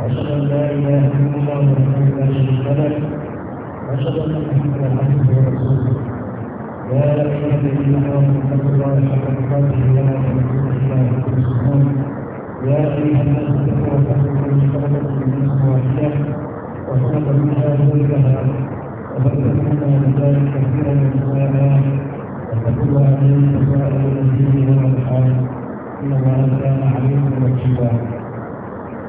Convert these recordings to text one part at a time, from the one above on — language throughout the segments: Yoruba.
وأشهد أن لا إله إلا الله وحده لا شريك له أن محمدا عبده ورسوله يا أيها الذين آمنوا اتقوا الله حق تقاته ولا تموتن إلا وأنتم مسلمون يا أيها الناس اتقوا ربكم من نفس واحدة وخلق منها زوجها وبث منها رجالا كثيرا ونساء واتقوا الله الذي تساءلون به والأرحام إن الله كان عليكم رقيبا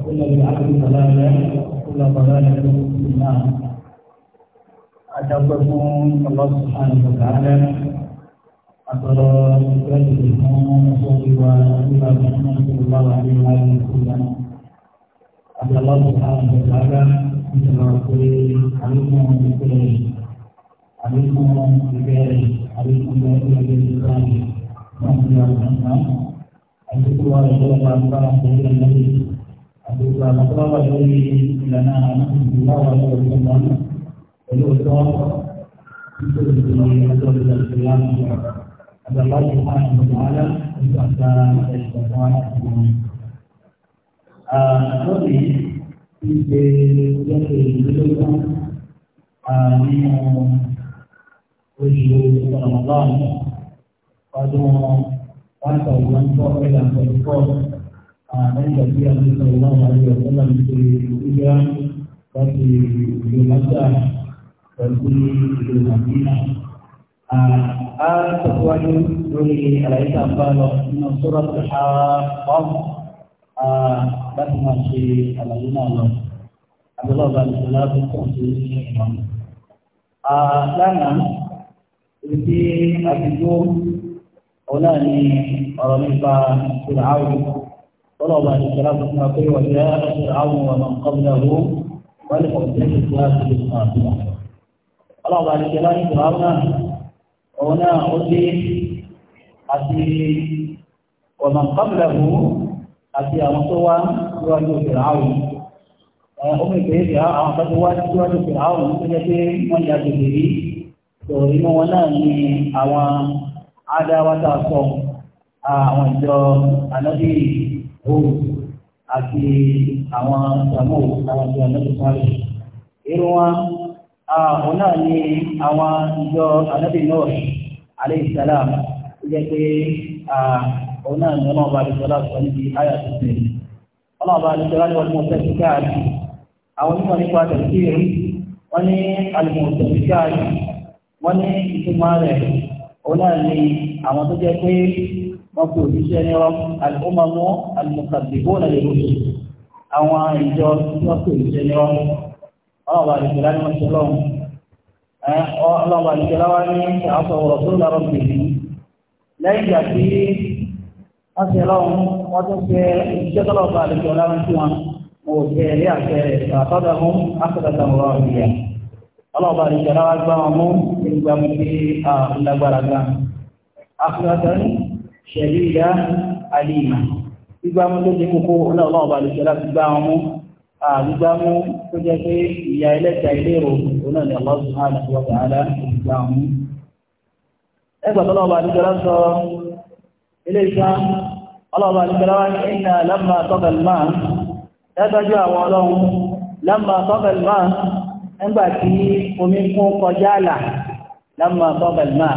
وكل بالعبد ضلالا وكل ضلالة في النار أتظنون الله سبحانه وتعالى أترى ذكرته وصوته إلى محمد صلى الله عليه وآله وسلم أدعو الله سبحانه وتعالى مثل رسول عليكم بالكريم عليكم بالكريم عليكم بالكريم عليكم بالكريم عليكم بالكريم عليكم بالكريم عليكم بالكريم عليكم àtòkò àlàkọ́wà lórí ìlànà àlàkùnrinláwà lórí ọ̀gbọ́n pẹ̀lú ọ̀tọ́ nítorí ọjọ́ ìdàgbàsílámù àgbàláwò àwọn ọ̀gbọ̀nwálá nípa àgbà ìgbàgbọ́n àkùnrin. lónìí ti ṣe lọ́sẹ̀ ìdílógún nínú oṣù ọ̀rọ̀mọ́gbọ́n ọdún one thousand four hundred and forty four lẹ́yìn ìgbà tí a ti sọ ìwà àwọn àyè ọ̀sọ́lá ti ṣe ìgbéra láti ìlú Mọ́tà pẹ̀lú ìlú Màdínà. A tẹ̀síwájú lórí àlàyé tá a bá lọ nínú sọ́rọ́ tó ṣá ọ̀hún láti máa ṣe àlàyé náà lọ. Àbúrò ọba ìṣẹ̀lá tó kàn sí ìmọ̀. Lánàá, ibi tí a ti dúró, ọ̀la ni ọ̀rọ̀ nípa ìṣẹ̀lá àwùjọ. ولو بعد الكلام ما قيل وجاء فرعون ومن قبله والحجة الكافر القاتلة ولو بعد الكلام فرعون هنا أتي أتي ومن قبله أتي أمطوى يواجه فرعون أمي بيتها أعطت واجه يواجه فرعون سجدي من يجدي torí mú wọn náà ní àwọn adáwátà sọ àwọn ìjọ ànábì hóòtù àti àwọn sàmó àwọn ìjọ anábì sáré irú wọn àwọn náà ní àwọn ìjọ anábì náà alayhi salam ó jẹ́ pé òun náà ní ọlọ́ọ̀bá àdìsọ́lá sọ níbi àyà tó tẹ̀ ọlọ́ọ̀bá àdìsọ́lá ní ọdún ọ̀sẹ̀ tó káàdì àwọn onímọ̀ nípa tẹ̀síìr wọ́n ní alùpùpù tó káàdì wọ́n ní ìtumọ̀ rẹ̀ òun náà ní àwọn tó jẹ́ pé wọ́n fi òṣìṣẹ́ ní ọ́ alùpùpù alùpùpù náà lè lóṣù àwọn ìjọ tí wọ́n fi òṣìṣẹ́ ní ọ́ ọlọ́wà àdìgbòlá ni wọ́n ṣe lọ́wọ́ ọlọ́wà àdìgbòlá wa ní àwọn ọ̀rọ̀ tó lọ́rọ̀ bìbí lẹ́yìn ìgbà tí wọ́n ṣe lọ́wọ́ wọ́n tún ṣe iṣẹ́ tọ́lọ́wà àdìgbòlá wọn sí wọn mo ṣe ilé àṣẹ àtọ́dà mú àtọ́dà mú ọ̀rọ̀ ṣẹ̀lídà alìmà gbígbámú tó ti kókó ọlọ́ọ̀bá olùṣọ́lá gbígbámú àgbígbámú tó jẹ́ pé ìyá ẹlẹ́ta ìlérò ọ̀nà ni Allah subhanahu wa ta'ala gbígbámú. ẹgbà tó lọ́ọ̀bá olùṣọ́lá sọ ilé iṣẹ́ ọlọ́ọ̀bá olùṣọ́lá wá ní ìnà lámà tọ́gà máa dájú àwọn ọlọ́run lámà tọ́gà máa nígbà tí omi kún kọjá àlà lámà tọ́gà máa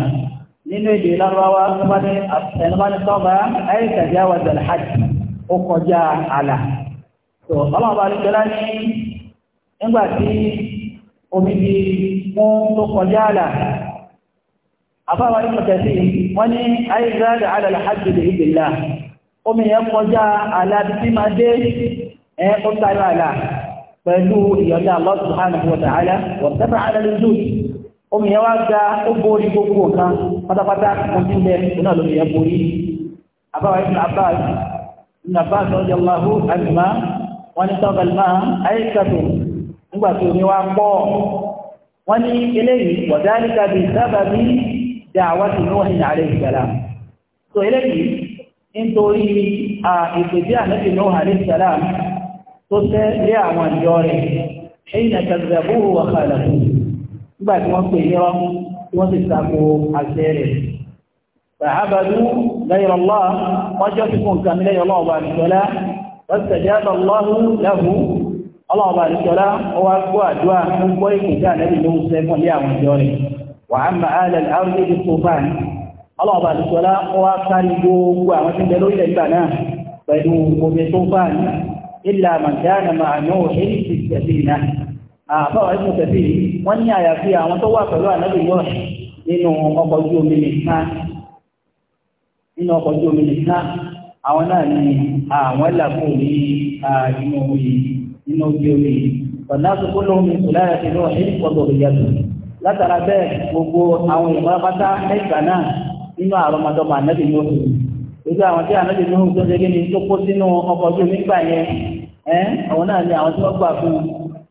nínú èdè lárúbáwá ẹnubáni tọ́ba ayé tàbí àwọn zalhaj ó kọjá àlà tó ọlọ́ọ̀bá ní gbẹ́lá ní nígbà tí omi di fún tó kọjá àlà àbáwá ní pàtàkì wọ́n ní ayé záàdà alàlhajj lè ìgbèlá omi yẹn kọjá àlà tí máa dé ẹ ó tayọ àlà pẹ̀lú ìyọ̀dá Allah subhanahu wa ta'ala wa taba'a ala al-wujud omi yẹn wá ga ó borí gbogbo nǹkan pátápátá fún tí ń bẹ òun náà lómi yẹn borí àbáwá ibn abbas ibn abbas ọjọ́ allahu alima wọ́n ní sọ́ọ̀bà alima ayéṣàtò nígbà tí omi wá pọ̀ wọ́n ní eléyìí wọ̀dáríkà bíi sábàbí dàwà tí ní wọ́n ní ààrẹ ìgbàlá tó eléyìí nítorí ìpèsè ànábì ní wọ́n ààrẹ ìgbàlá tó tẹ́ lé àwọn ìjọ rẹ̀ ẹ̀yìn àtàgbàbúrò wà kàlàkùn nígbà tí wọ́n pè ní ọ́ tí wọ́n sì tako àṣẹ rẹ̀ fàhábàdú lẹ́yìn ọlọ́ ọjọ́ tí fún nǹkan lẹ́yìn ọlọ́ ọba àdìsọ́lá wọ́n sì tẹ̀lé ọlọ́run lẹ́hu ọlọ́ ọba àdìsọ́lá ó wá gbọ́ àdúrà ń gbọ́ ìpínlẹ̀ àlẹ́bí ló ń sẹ́ fún ilé àwọn ìjọ rẹ̀ wà àbáwá ìmú tẹ̀sí wọ́n ní àyàfi àwọn tó wà pẹ̀lú ànábì náà nínú ọkọ̀ ojú omi nìkan nínú ọkọ̀ ojú omi nìkan àwọn náà ni àwọn làkùn ní inú omi nínú ojú omi ọ̀nà àsopọ̀ lóhùn mi sùlá àti náà ní ìpọ̀tọ̀ òyàtọ̀ látara bẹ́ẹ̀ gbogbo àwọn ìwà pátá ẹ̀ka náà nínú àrọ́mọdọ́mọ ànábì náà gbogbo àwọn tí ànábì náà tó ń ṣe kí ni tó kó sínú ọkọ̀ ojú omi gbà yẹn ẹ̀ àwọn náà ni àwọn tí wọ́n gbà fún un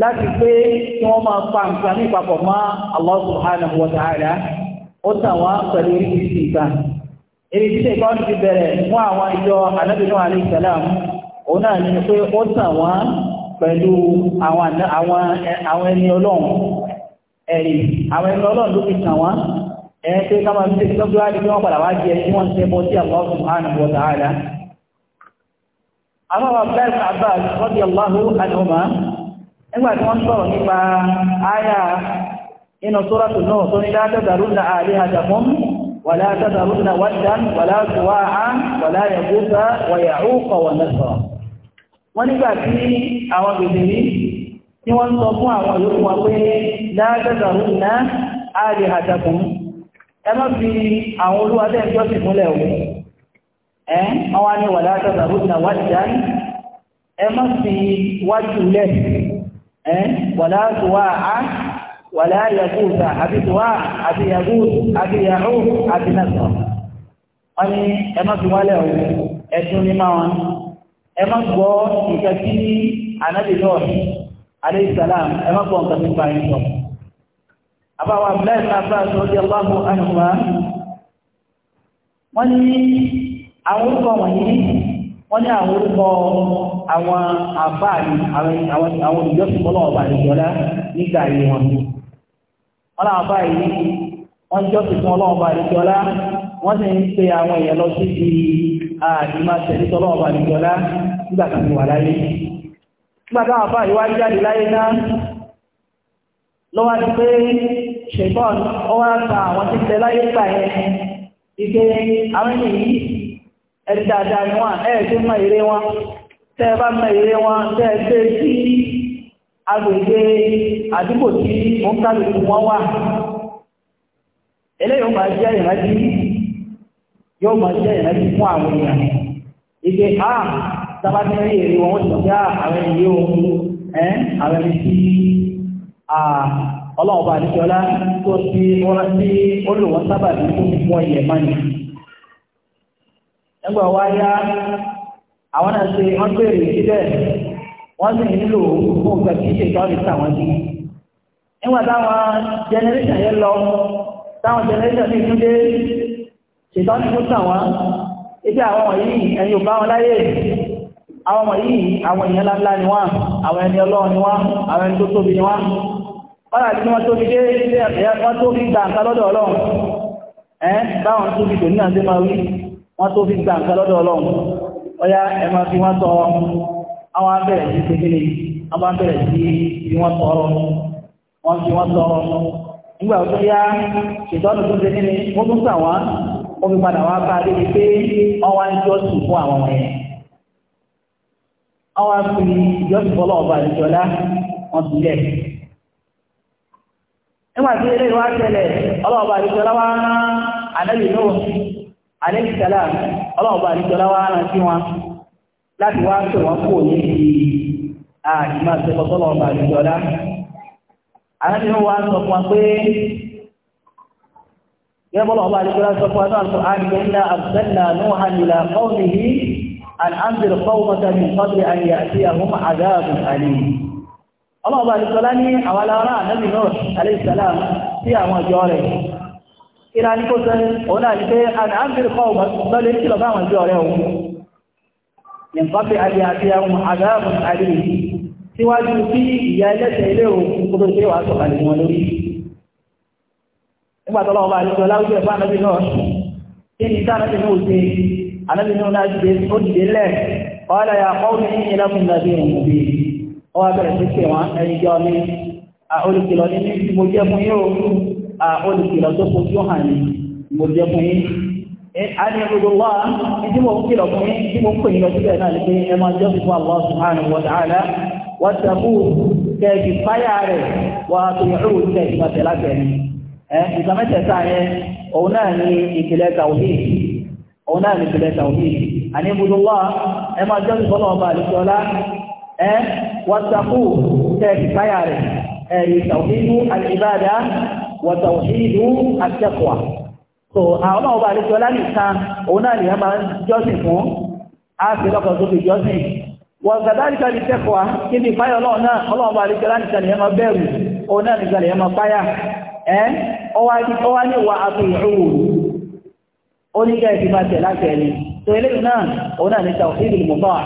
láti pé kí wọ́n máa pa nǹkan ní ìpapọ̀ mọ́ Allah subhanahu wa ta'ala ó tàn pẹ̀lú oríṣiríṣi ìgbà. èrè tí ìgbà wọn ti bẹ̀rẹ̀ mú àwọn ìjọ anábìnú alayhi salam òun náà ní pé ó tàn pẹ̀lú àwọn ẹni ọlọ́run ẹ̀rì àwọn ẹni ọlọ́run ló fi tàn wá pé ká máa fi wọ́n padà wá jẹ tí wọ́n ṣe bọ́ sí àwọn nígbà tí wọ́n sọ̀rọ̀ nípa àyà inú sóràtù náà tó ní látàdàrú na àlè àjàmọ́m wà látàdàrú na wàdán wà látùwà án wà láyàgúta wà yàúkọ̀ wà nẹ́sọ̀rọ̀ wọ́n nígbà tí àwọn bèbèrè tí wọ́n sọ fún àwọn yòókù wọn pé látàdàrú na àlè àjàmọ́m ẹ fi àwọn olúwa ẹjọ́ sì múlẹ̀ o ẹ́ wọ́n wá ní wà látàdàrú na wàdán ẹ fi wájú lẹ́sìn wàlá tuwa á wàlá yagusa àbí tuwa àbí yagus àbí yahu àbí nasọ. wọ́n ní ẹ má fi wálẹ̀ o ẹ̀sùn ní máa wọn ẹ má gbọ́ nǹkan tí ànábì lọ́ọ̀hìn alayhi salam ẹ gbọ́ nǹkan tí ń bá yín sọ. àbáwọ̀ abúlé àbúrò àti ọdí ọlọ́hùn ànàmọ́ wọ́n ní àwọn orúkọ wọ̀nyí wọ́n ní àwọn orúkọ àwọn àfáàní àwọn ìjọsìn ọlọ́ọ̀bà àdìjọ́lá nígbà ayé wọn wọ́n láwọn àfáàní wọ́n jọ́sìn fún ọlọ́ọ̀bà àdìjọ́lá wọ́n sì ń pe àwọn èèyàn lọ sí ibi àdìmá tẹ̀lé ọlọ́ọ̀bà àdìjọ́lá nígbà kan wà láyé nígbà táwọn àfáàní wá jáde láyé náà lọ́wọ́ ti pé ṣèbọ́n ọwọ́ ta àwọn tí ń tẹ láyé gbà yẹn ike àwọn ènìyàn ẹni dáadáa ni wọ́n ẹ̀ẹ́sí mọ́ èrè wọn tẹ́ bá mọ́ èrè wọn tẹ́ sí agbègbè àdúgbò tí ó ń wọn wà eléyìí ó máa jẹ́ ìrántí yóò máa jẹ́ ìrántí fún àwọn èèyàn ìgbé a sábàtí rí èrè wọn ó àwọn ẹ́ àwọn ẹni tí ọlọ́ọ̀bà tó ti sí ẹ̀yẹ̀ nígbà wa yá àwọn náà ṣe wọ́n béèrè síbẹ̀ wọ́n sì nílò fún nǹkan tí ṣètò ọ̀rẹ́ tàwọn sí. nígbà táwọn jẹnẹrẹ́sà yẹn lọ táwọn jẹnẹrẹ́sà ní ìdúdé ṣètò ọ̀rẹ́ fún tàwọn ibi àwọn wọ̀nyí ẹ̀yin ò wọn láyè àwọn wọ̀nyí àwọn èèyàn ńláńlá ni wọ́n àwọn ẹni ọlọ́run ni wọ́n àwọn ẹni tó tóbi ni wọ́n wọ́n wọ́n tó fi gbà nǹkan lọ́dọ̀ ọlọ́run ọya ẹmà fi wọ́n tọ́ àwọn abẹ́rẹ̀ sí tẹ́kẹ́lẹ̀ àwọn abẹ́rẹ̀ sí fi wọ́n tọrọ wọ́n fi wọ́n nígbà tó yá tó wọ́n tún sà wọ́n ó fi padà bá débi pé wọ́n wá ń fún àwọn ọmọ yẹn fọlọ́ ọba ìjọlá lẹ̀ àlẹ́sìtàlá ọlọ́ọ̀bá àríjọlá wá rán sí wọn láti wá pè wọ́n kò ní ti àìmá ṣẹkọ̀tọ́lọ́ọ̀bá àríjọlá aláàbìnrin wa sọ fún wa pé yẹ́bọ́lọ́ọ̀bá àríjọlá sọ fún wa náà sọ àríjọ ńlá àbúsẹ́lá nóhà nílà kọ́ọ̀nìyí àlàǹdìrì kọ́ọ̀mọ́ta ní kọ́dìrì àyè àwọn àdáàbù àlè ìrà ní kó sẹ́ òun náà ní pé àná àbírí kọ́ ọmọ lọ́lẹ̀ tí lọ bá àwọn ìjọ rẹ̀ òun ní pàpẹ alẹ́ àti àwọn àgbàrùn alẹ́ yìí síwájú sí ìyá ẹlẹ́sẹ̀ ilé òun kó tó ṣe wàásù kalẹ̀ wọn lórí nígbà tó lọ́wọ́ bá àlejò láwùjọ ẹ̀fọ́ anábì náà kí ni sáà anábì náà olùkìlọ̀ tó fojú hàn ní mo jẹ́ fún yín àní gbogbo wá tí mo ń kìlọ̀ fún yín tí mo ń pè yín lọ síbẹ̀ náà ni pé ẹ máa jọ́ fífún Allah subhanahu wa ta'ala wọ́n ti kú kẹ́ẹ̀kì fáyà rẹ̀ wà á tó yẹ̀rù kẹ́ẹ̀kì máa tẹ̀lá وتوحيد التقوى so àwọn ọba àlejò ọlánìkan òun náà nìyàn máa ń jọ́sìn fún áàfin lọ́kàn tó fi jọ́sìn wọ́n gàdáríkà ní tẹ́kọ̀ọ́ kí ní fáyọ̀ náà náà ọlọ́ọ̀bá àlejò ọlánìkan nìyàn máa bẹ̀rù òun náà nìkan nìyàn máa fáyà ẹ́ ọwá ní wà àfihàn oníkẹ́ ìfipáṣẹ̀ láti ẹni tó ilé náà òun náà ní tàwíìlì mọ̀tọ́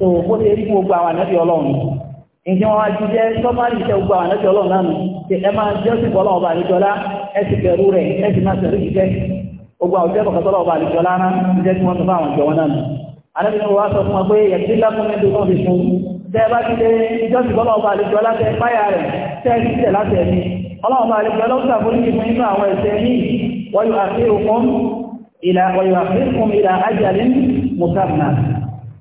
tó bó ṣe rí gbogbo àwọn ànábì ọlọ́run wọn ti jẹ́ sọ́mọ́rì iṣẹ́ gbogbo àwọn ànábì ọlọ́run náà ṣe ẹ máa jẹ́ ọlọ́run ọba àlejọ́lá ẹ sì rẹ̀ ẹ máa tẹ̀lé ìṣẹ́ gbogbo àwọn ìṣẹ́ kọ̀ọ̀kan tí wọ́n àwọn ìjọ wọn náà ni wọ́n sọ fún wọn pé yẹtí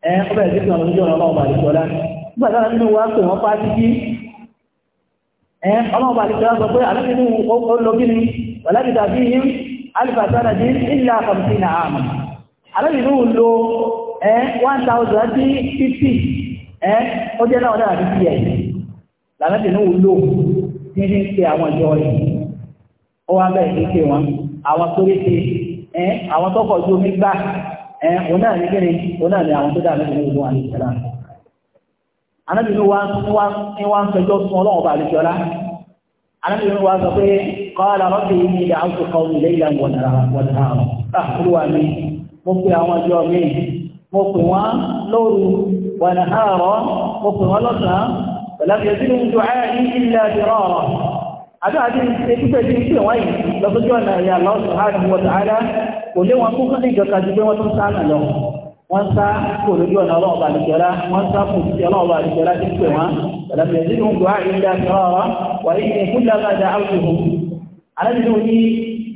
ẹ ọbẹ̀ tí kí wọn lójú ọ̀nà ọlọ́ọ̀bà àdìsọ́lá nígbà tí wọn nínú wa pè wọ́n pa títí ẹ ọlọ́ọ̀bà àdìsọ́lá sọ pé àlọ́ nínú ológínì wàlábì tàbí yín alifasana dín ilà kàmtí nà àmà àlọ́ nínú lo ẹ one thousand dín fifty ẹ ó jẹ́ náà náà fifty ẹ̀ làlọ́ nínú lo tí ní ṣe àwọn ìjọ rẹ̀ ó wá bẹ̀rẹ̀ ní ṣe wọn àwọn tó rí ṣe ẹ àwọn tọkọ̀ ojú omi gbà ẹ̀ eh, òun náà ní kíni òun náà ní àwọn tó dà lẹ́bi ní gbogbo àlejò náà anábì ní wá ń fẹjọ́ sun ọlọ́run bá àlejò ọlá anábì ní wá sọ pé qala rabbi inni da'awtu qawmi laylan wa naharan ah, olúwa mi mo pe àwọn àjọ mi mo pè wọ́n lóru wa naharan mo pè wọ́n lọ́sàn-án pẹ̀lú àbíyẹ̀sí ní ìjọ àdúrà tí ṣe pípẹ́ tí ṣe wáyé lọ́sọ́jọ́ ọ̀nà ìyá Allah subhanahu wa ta'ala kò lé wọn kúkú ní ìjọka ju pé wọ́n tún lọ wọ́n sá kò lójú ọ̀nà ọlọ́ọ̀bà wọ́n sá kò sí ọlọ́ọ̀bà pè wọ́n ń gbọ́ sọ̀rọ̀ wà ní alájà áwùjọ alájọ ní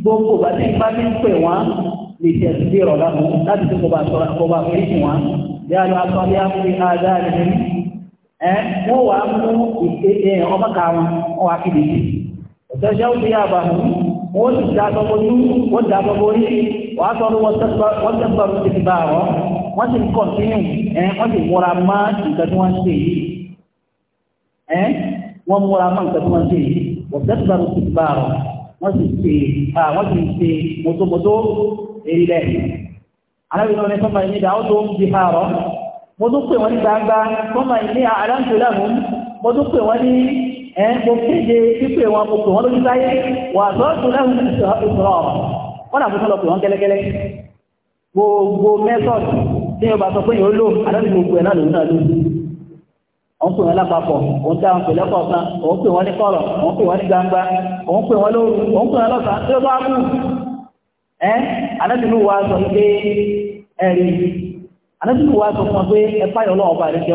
gbogbo bá ti bá ti pè wọ́n tó kọba wọn bí bí ìtẹ́ṣẹ́ ó ti yá àbá wọ́n ti dá gbogbo ojú wọ́n dá gbogbo orí wọ́n á sọ́rọ́ wọ́n tẹ́gbà ló ti fi bá ọ wọ́n ti kọ̀tínú ẹ̀ wọ́n ti múra má nǹkan tí wọ́n ń ṣe yìí ẹ̀ wọ́n múra má nǹkan tí wọ́n ń ṣe yìí wọ́n tẹ́gbà ló ti fi bá ọ wọ́n ti ṣe wọ́n ti ṣe mọ́tòmọ́tò èyí lẹ̀ alábìnrin ọ̀rẹ́ sọ́mà ìní ìdáwó tó ń di àárọ̀ mo tún pè wọ́n ní gbangba sọ́mà ìní ní ẹ̀ẹ́n tó kéde pípé wọn kò pè wọ́n lójú sáyé wà lẹ́hùn ìṣòro wọ́n dà lọ pè wọ́n kẹ́lẹ́kẹ́lẹ́ gbogbo tí yóò bá sọ pé yóò lò gbogbo ẹ̀ náà náà pè wọ́n lápapọ̀ òun tẹ́ àwọn òun pè wọ́n ní òun pè wọ́n ní gbangba òun pè wọ́n lóru òun pè wọ́n lọ́sàn wa sọ pé ẹ̀rí wa sọ fún pé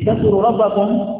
ẹ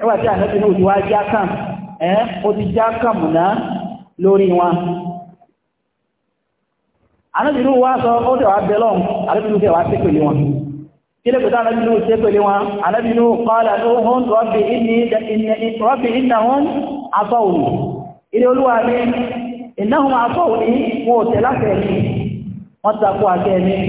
ẹwà tí ànábì náà ti wá já kàn ẹ́ ó ti já kàn múná lórí wọn ànábì náà wá sọ ó dẹ̀wà bẹ́lọ̀ ànábì náà dẹ̀wà sí pẹ̀lú wọn kí lẹ́gbẹ̀ẹ́ ànábì náà sí pẹ̀lú wọn ànábì náà qala Nuhun rabbi innahum asawni ilé olúwa mi innahum asawni wọn ò tẹ̀ láfẹ̀ẹ́ wọ́n takò àkẹ́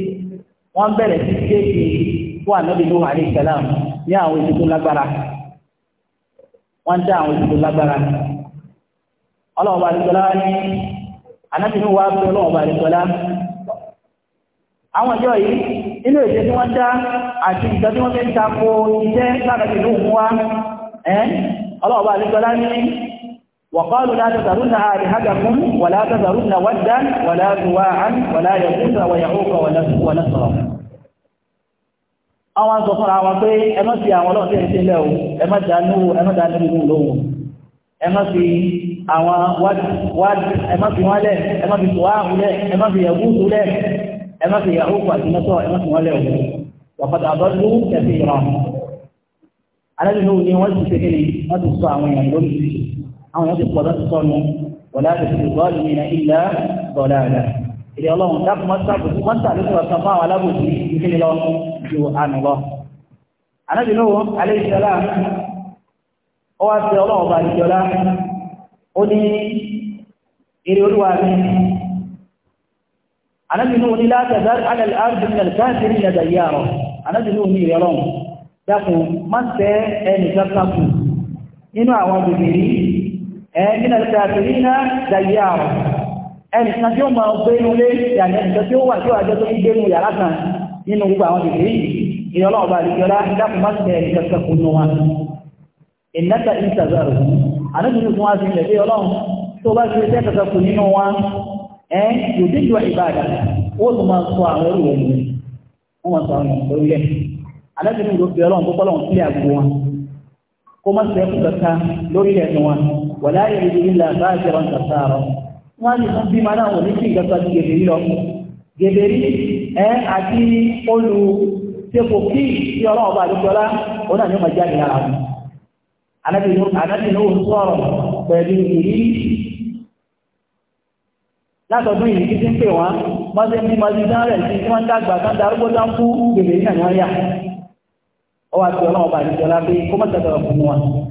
wọ́n bẹ̀rẹ̀ sí kéèkì fún ànábì Nuhu ní àwọn ètò lágbára wọ́n dá àwọn ètò lágbára ọlọ́ọ̀bà àdìsọ́lá ní ànábì Nuhu ọlọ́ọ̀bà àwọn ìjọ yìí nínú èdè tí wọ́n àti ìjọ tí wọ́n fi ń iṣẹ́ ìlú òun wá ọlọ́ọ̀bà وقالوا لا تذرن آلهتكم ولا تذرن ودا ولا سواعا ولا يغوث ويعوق ونسرا àwọn sọ fúnra wọn pé ẹ má fi àwọn ọlọ́ọ̀tẹ́ ṣe lẹ́ o ẹ má dánú ẹ má dánú ìlú lóhùn ẹ má fi àwọn wádìí ẹ má fi wọ́n lẹ̀ ẹ má fi tòwáhùn lẹ̀ ẹ má fi ẹ̀gúsù lẹ̀ àwọn èèyàn ti pọ̀ lọ́ti sọnù wọ̀lá ti fi bọ́ọ̀lù mi na ilẹ̀ bọ̀lá rẹ̀ ilé ọlọ́run dákun mọ́tàbù mọ́tàlùkù ọ̀sán fún àwọn alábòsí ìfẹ́ lọ ju àmì lọ. ànábì Nuhu alayhi salam ó wá sí ọlọ́run ọba àdìjọlá ó ní eré olúwa mi ànábì Nuhu ní látàdá alẹ́ àrùn ní àlùkáàkiri ní àdàyà rọ̀ ànábì Nuhu ní ìrẹ̀ ọlọ́run dákun má ẹnì kankan nínú àwọn bèbèrè ẹ̀ẹ́mìnà ìṣàfihì náà dàyà ọ̀ ẹnìkan tí ó máa gbénu lé ìyàní ẹ̀sọ́ tí ó wà tí ó àjọ tó ń gbénu yàrá kan nínú gbogbo àwọn ìdílé ìyọlọ́ọ̀bà àdìjọ́lá dákùnmá tẹ̀ ìjọsẹ̀ kò nù wọn ìnáta ìtàzàrò àdókùnrin fún wa sí ilẹ̀ pé ọlọ́run tó bá ṣe tẹ́kọ̀ọ́ kù nínú wa ẹ́ yòdíjọ ìbàdà ó tún máa sọ wàlá yẹ ìdí ńlá bá jẹrọ kàtàrọ wọn ní fún bímọ náà wọn ní kí nǹkan kan gèbèrí lọ gèbèrí ẹ àti olù tẹkọ kí tí ọlọ́wọ́ bá dúpọ́lá ó náà ní ọmọ jáde lára wọn. anábìnú anábìnú ò sọ̀rọ̀ pẹ̀lú ìrírí látọ̀dún yìí kí tí ń pè wọ́n wọ́n ti ń bí mọ́tí dán rẹ̀ sí tí dàgbà tán darúgbó tán fún gèbèrí náà ní wọ́n yà. ó wá ti ọlọ́wọ́ bá dúpọ́lá pé kó mọ̀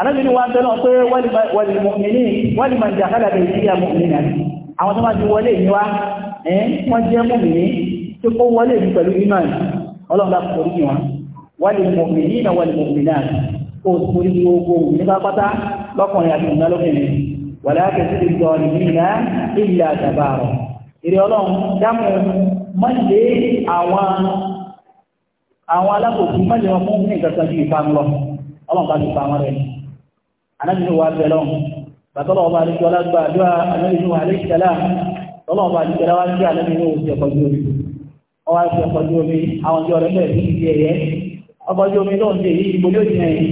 alábi ni wọ́n tẹ́lọ pé wàlìmọ̀mìnì wàlìmọ̀jà kálàbẹ̀ sí àmọ̀mìnà àwọn tó máa ti wọlé ìníwá ẹ́n wọ́n jẹ́ mọ̀mìnì tí kó wọlé ìlú pẹ̀lú iman ọlọ́run láti forí wọn wàlìmọ̀mìnì na wàlìmọ̀mìnà kó forí gbogbo ní pápátá lọ́kùnrin àti ìmúná lóbìnrin wà láti sí ìjọ ìmìnà ilẹ̀ àtàbàrọ̀ ìrẹ́ ọlọ́run dámú mọ́lẹ̀ àwọn alákòókò mọ́lẹ̀ wọn fún ní ìgbàsọ́jú ìpamọ́ ọlọ́run bá ti pa wọn rẹ̀ anábìnrin wa bẹ̀rẹ̀ lọ́wọ́ bàtọ́lọ̀ ọba àdìjọ lágbà àdúrà anábìnrin wa àlẹ́kẹ̀lá tọ́lọ̀ ọba àdìjọlá wá sí anábìnrin wa òsì ọkọ̀jú omi wọ́n wá sí ọkọ̀jú omi àwọn ọjọ́ rẹ̀ bẹ̀rẹ̀ sí ti ẹ̀yẹ ọkọ̀jú omi náà ń dè yí ibo ló jìnà yìí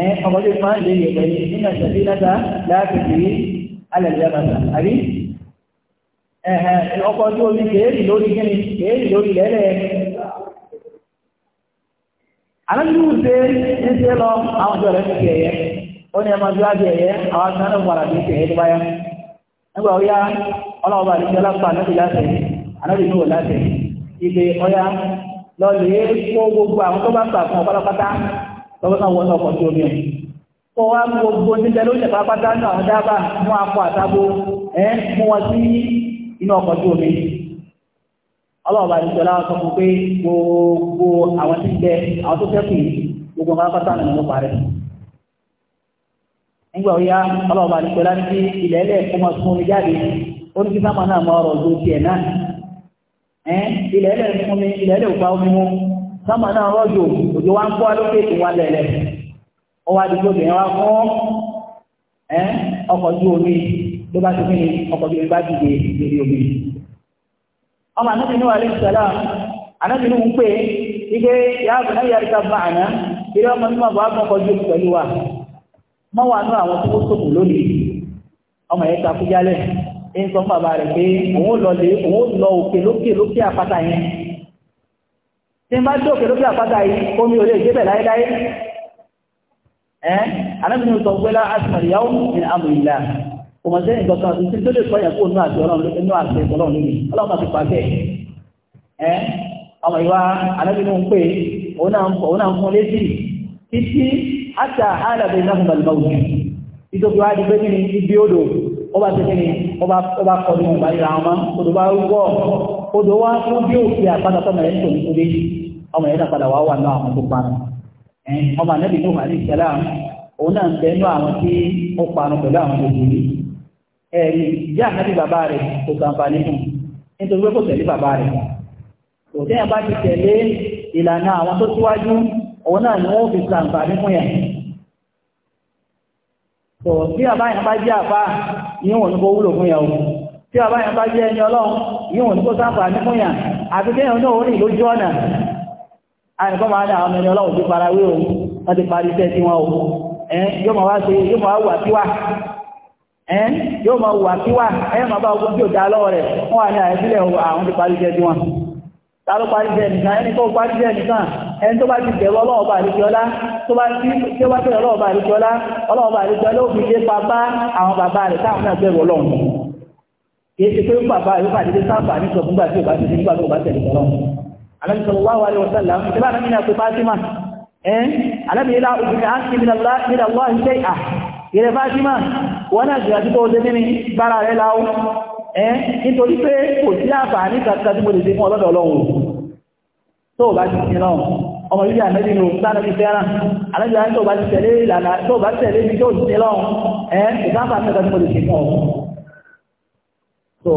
ẹ ọkọ̀jú omi máa ń dè yẹ pẹ̀lú nínú ìṣẹ̀lẹ̀ náà láàbìbì alẹ́lẹ́bàtà àbí ọkọ̀jú omi kéèrì lórí kíni kéèrì lórí lẹ́lẹ́ anábìnrin ó ní ẹmọ bíwájú ẹ̀yẹ àwọn akẹ́kọ̀ọ́ náà wàrà bí tẹ̀yẹ tó bá yá nígbà ó yá ọlọ́ọ̀bà àti ìjọba pa anábì láti anábì ní wò láti ibi ọ̀yá lọ́ọ̀lì kó gbogbo àwọn tó bá ń pàfún ọ̀pọ̀lọpátá lọ́wọ́ náà wọ́n ọkọ̀ tó omi ẹ̀ kó wá gbogbo níta ló ṣẹ̀fà pátá náà àwọn dábà mú akọ àtàbó ẹ̀ mú ọlọ́ọ̀bà àti ìjọba fún pé gbogbo àwọn tí ń àwọn tó fẹ́ kù gbogbo ọ̀pọ̀lọpátá náà ló parẹ́ nígbà ọ̀yá ọlọ́ọ̀bà ní pẹ̀lá ní kí ilẹ̀ ẹlẹ́ kó máa fún mi jáde ó ní kí sáma náà máa rọ̀ ọ̀dọ́ tiẹ̀ náà ẹ́ ilẹ̀ ẹlẹ́ fún mi ilẹ̀ ẹlẹ́ òkpa omi mu sáma náà rọ̀jò òjò wa ń kó alókè tó wà lẹ̀lẹ̀ ó wá dìgbò bẹ̀rẹ̀ wá fún ẹ́ ọkọ̀ ju omi ló bá ti fi ni ọkọ̀ ju omi bá dìde lórí omi. ọmọ anábìnú alẹ́ sọlá anábìnú ń pè é ike yàrá mọ́ wà ní àwọn tó sòkò lónìí ọmọ yẹn ta kújálẹ̀ ń sọ bàbá rẹ̀ pé òun lọ lè òun lọ òkè lókè lókè àpáta yẹn tí n bá dé òkè lókè àpáta yìí omi ò lè débẹ̀ láéláé ẹ́ anábìnrin sọ pé láàásìmọ̀lẹ́yàwó ní amòyìnlá ọmọ sẹ́yìn gbọ́kan tí tó lè sọ yẹn fún inú àti ọlọ́run inú àti ọlọ́run lónìí ọlọ́run àti pàṣẹ ẹ́ ọmọ ìwà anábìnrin ń pè òun náà ń fún létí títí àtà àlàbẹ̀ náà fún balùbáwù ìtòkù wá di pé kí ni ibi odò ọba tẹ́ kí ni ọba kọlu ọba ìlà ọmọ odò bá rúgbọ́ odò wá fún bí òkè àpáta tọmọ ẹ̀ nítorí kúré ọmọ ẹ̀ náà padà wá wà náà àwọn tó pa ọmọ anábì ní òhàlì ìṣẹ́lá òun náà ń bẹ nú àwọn tí ó parun pẹ̀lú àwọn gbogbo yìí ẹ̀rí ìyá anábì bàbá rẹ̀ kò sàǹfààní fún nítorí pé kò tẹ̀lé bàbá rẹ̀ òtẹ́yìn bá ti tẹ̀lé ìlànà àwọn tó síwájú òun náà ni wọ́n fi ṣàǹfààní fún yẹn so tí àbá yẹn bá jẹ́ àbá yíwọ̀n ní kó wúlò fún yẹn o tí àbá bá jẹ́ ẹni ọlọ́run yíwọ̀n ní kó fún yẹn àti kéèyàn náà ó rìn ọ̀nà máa àwọn ẹni ọlọ́run ti fara wé òun wọ́n ti parí iṣẹ́ tí wọ́n o yóò máa wá yóò máa wà yóò máa wà máa bá ogun tí ò dá lọ́wọ́ rẹ̀ tàbí parí jẹ́ nìkan ẹni tó parí jẹ́ nìkan ẹni tó bá ti bẹ̀rọ ọlọ́ọ̀bà àríkíọlá tó bá tí ó bá tẹ̀rọ ọlọ́ọ̀bà àríkíọlá ọlọ́ọ̀bà àríkíọlá ó fi lé bàbá àwọn bàbá rẹ̀ táwọn náà bẹ̀rọ ọlọ́run kìí ṣe pé bàbá rẹ̀ bá dédé sáfà ní sọ fúngbà tí ò bá ti ṣe nígbà tó bá tẹ̀lé ọlọ́run alábi sọ wá wà lẹ́wọ̀n sálà ṣe bá nàmínà pé ẹ́ nítorí pé kò sí àǹfààní kankan tí mo lè ṣe fún ọlọ́dọ̀ ọlọ́run tó bá ti sin náà ọmọ yìí àmẹ́bí ní òkúta ní fẹ́ràn alẹ́bí àti ọba ti tẹ̀lé ìlànà tó bá tẹ̀lé ibi tó sin lọ́run ẹ́ ìdáǹfà mẹ́ta tí mo lè ṣe fún ọ so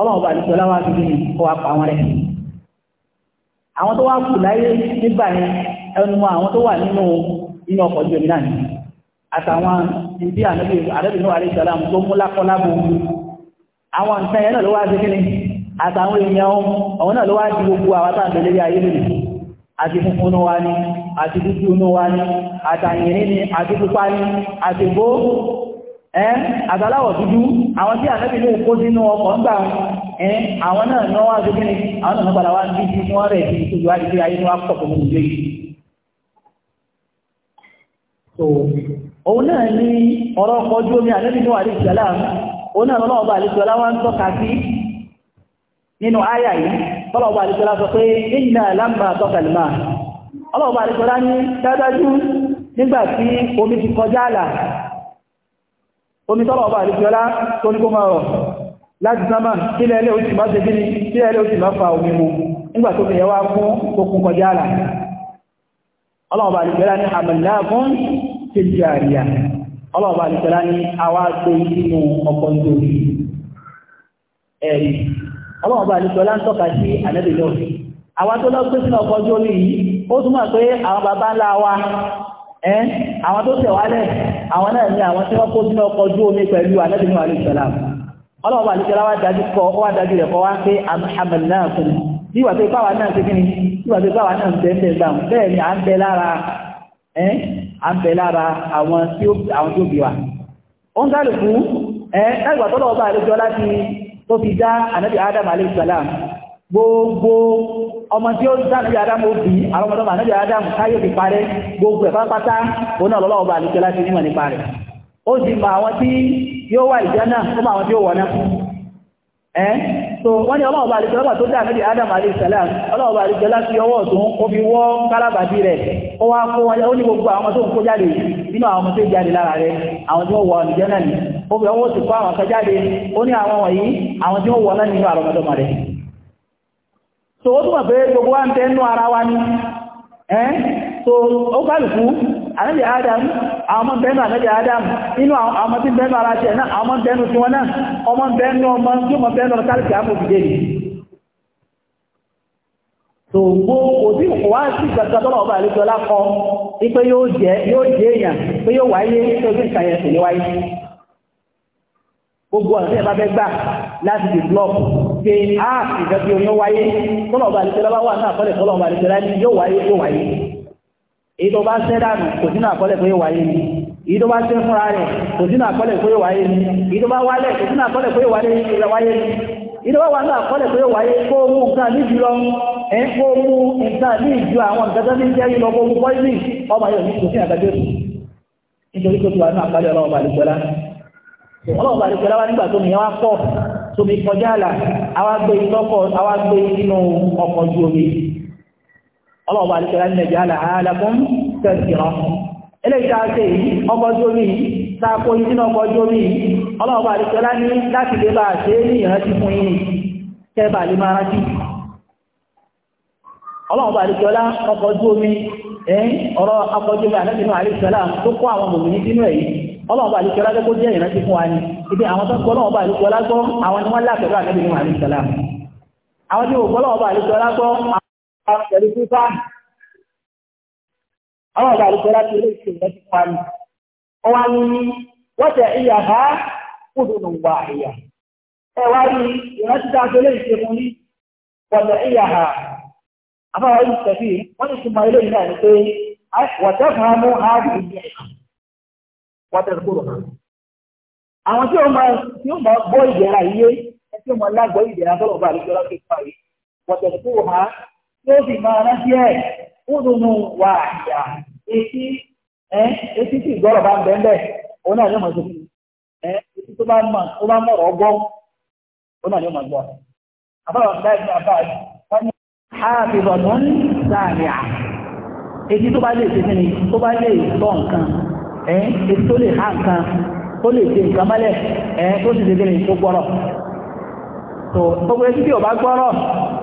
ọlọ́run bá ti sọ láwọn àti bí kó wa pa wọn rẹ̀ àwọn tó wá kù láyé nígbà yẹn ẹnu àwọn tó wà nínú inú ọkọ̀ ojú omi náà àtàwọn ibi àdẹ́bìnú àrẹ́sàlámù àwọn nǹkan yẹn náà ló wá sí kíni àtàwọn èèyàn ọ̀hún náà ló wá sí gbogbo àwọn tàbí lórí ayé lónìí àti funfun ní wa ní àti dúdú ní wa ní àtàyìnrín ní àti pupa ní àti gbó ẹ́ àtàláwọ̀ dúdú àwọn tí ànábì ló kó sínú ọkọ̀ ń gbà ẹ́ àwọn náà ní wọ́n wá sí kíni àwọn náà padà wá sí sí tí wọ́n rẹ̀ sí ìtòjú wá sí sí ayé ní wá pọ̀ pẹ̀lú ìgbé yìí òun náà ní ọ̀rọ̀ ọkọ̀ ojú omi ànábì ní wà ní ìṣẹ̀lá òun náà lọ́wọ́ bá àlejò ọlá wá ń tọ́ka sí nínú àyà yìí tọ́lọ́wọ́ bá àlejò ọlá sọ pé inna lamma tọ́kàlì máa ọlọ́wọ́ bá àlejò ọlá ní dájájú nígbà tí omi ti kọjá àlà omi tọ́lọ́wọ́ bá àlejò ọlá tó ní kó máa rọ̀ láti sámà sílẹ̀ ilé oṣù ọlọ́ọ̀bá àdìsọ́lá ní àwa gbé sínú ọkọ̀ nítorí ẹ̀rí ọlọ́ọ̀bá àdìsọ́lá ń tọ́ka sí ànẹ́bìlọ́ àwa tó lọ sínú ọkọ̀ nítorí yìí ó túmọ̀ pé àwọn bàbá ńlá wa ẹ́ àwọn tó tẹ̀ wálẹ̀ àwọn náà ní àwọn tí wọ́n kó sínú ọkọ̀ ojú omi pẹ̀lú ànẹ́bìlọ́ àdìsọ́lá ọlọ́ọ̀bá àdìsọ́lá wá dájú kọ́ wá dájú rẹ̀ kọ́ wá pé ni níwà tó ipá à ń bẹ lára àwọn tí ó bí wa ó ń kálùkù ẹ ẹgbà tọ́lọ̀ ọba àlejò láti tó fi dá ànábì adam alayhi salam gbogbo ọmọ tí ó dá ànábì adam ó bí àwọn ọmọdé ànábì adam káyọ̀ fi parẹ́ gbogbo ẹ̀fà pátá ó náà lọ́lọ́ ẹ́n eh? so wọ́n ni ọlọ́ọ̀bá àríkẹ́ tó dáa níbi adam alaihissalam ọlọ́ọ̀bá àríkẹ́ láti ọwọ́ ọ̀tún ó fi wọ́ kálábàbí rẹ̀ ó wá kó wọ́n ní gbogbo àwọn tó ń kó jáde nínú àwọn tó jáde lára rẹ̀ àwọn tí wọ́n náà ni ó fi ọwọ́ ànábì Adamu, àwọn ọmọ bẹ́ẹ̀nù ànábì Ádámù inú àwọn ọmọ tí bẹ́ẹ̀nù ara ṣẹ̀ náà àwọn bẹ́ẹ̀nù tí wọ́n náà ọmọ bẹ́ẹ̀nù ọmọ tí wọ́n bẹ́ẹ̀nù ọmọ tálìkì àmòfìdè rí tó gbó òbí wá sí ìgbàgbà waye. ọba àlejò lákọ wípé yóò jẹ́ yóò èèyàn pé yóò wáyé tó a wáyé tọ́lọ̀ ọba àlejò lábá wà náà fọ́lẹ̀ tọ́lọ̀ ọba àlejò èyí tó bá ṣẹ́ dànù kò sínú àkọọ́lẹ̀ pé wáyé ni èyí tó bá ṣẹ́ fúnra rẹ̀ kò sínú àkọọ́lẹ̀ pé wáyé ni èyí tó bá wálẹ̀ kò sínú àkọọ́lẹ̀ pé wáyé ni èyí tó bá wà àkọọ́lẹ̀ pé wáyé kó mú nǹkan ní jùlọ ẹ̀ kó mú nǹkan ní ìjọ àwọn ní jẹ́ yìí ọmọ yóò ní kò sí ọlọ́run bá nípa ní ẹ̀jẹ̀ àlà àlàkùn tẹ̀sìrọ̀ eléyìí tá a ṣe yìí ọkọ̀ ojú omi tá a kó yín sínú ọkọ̀ ojú omi ọlọ́run bá nípa ní láti lè bá a ṣe ní ìrántí fún yín kẹ́ bá lè máa rántí ọlọ́run bá nípa ọlá ọkọ̀ ojú omi ọ̀rọ̀ ọkọ̀ ojú omi àlẹ́bìnú tó kọ́ àwọn pẹ̀lú fífá. Àwọn ọ̀gá àlùkò láti ilé ìsìn lọ́ti parí. Ó wá ní wọ́n tẹ ìyà bá kúrò nù wà ìyà. Ẹ a fi ilé ìsìn fún ní wọ̀tẹ̀ ìyà hà. Àbáwọ̀ yìí tẹ̀sí wọ́n ti túmọ̀ ilé ìlànà pé wọ̀tẹ̀ kan mú ààrùn yóò sì máa rántí ẹ̀ kúndùnú wà àyà etí ẹ̀ etí tí ìgbọ́rọ̀ bá ń bẹ́ẹ̀ bẹ́ẹ̀ òun náà yóò máa sókè ẹ̀ etí tó bá mọ̀ tó bá mọ̀rọ̀ gbọ́ òun náà yóò máa gbọ́. àbáwọ̀ báyìí àbáyìí wọ́n ní ààbì bọ̀dún sáàmì à etí tó bá lè ṣe sínú tó bá lè gbọ́ nǹkan ẹ̀ etí tó lè há nǹkan tó lè ṣe nǹkan mọ́lẹ̀ ẹ̀ tó sì ṣe sínú tó gbọ́rọ̀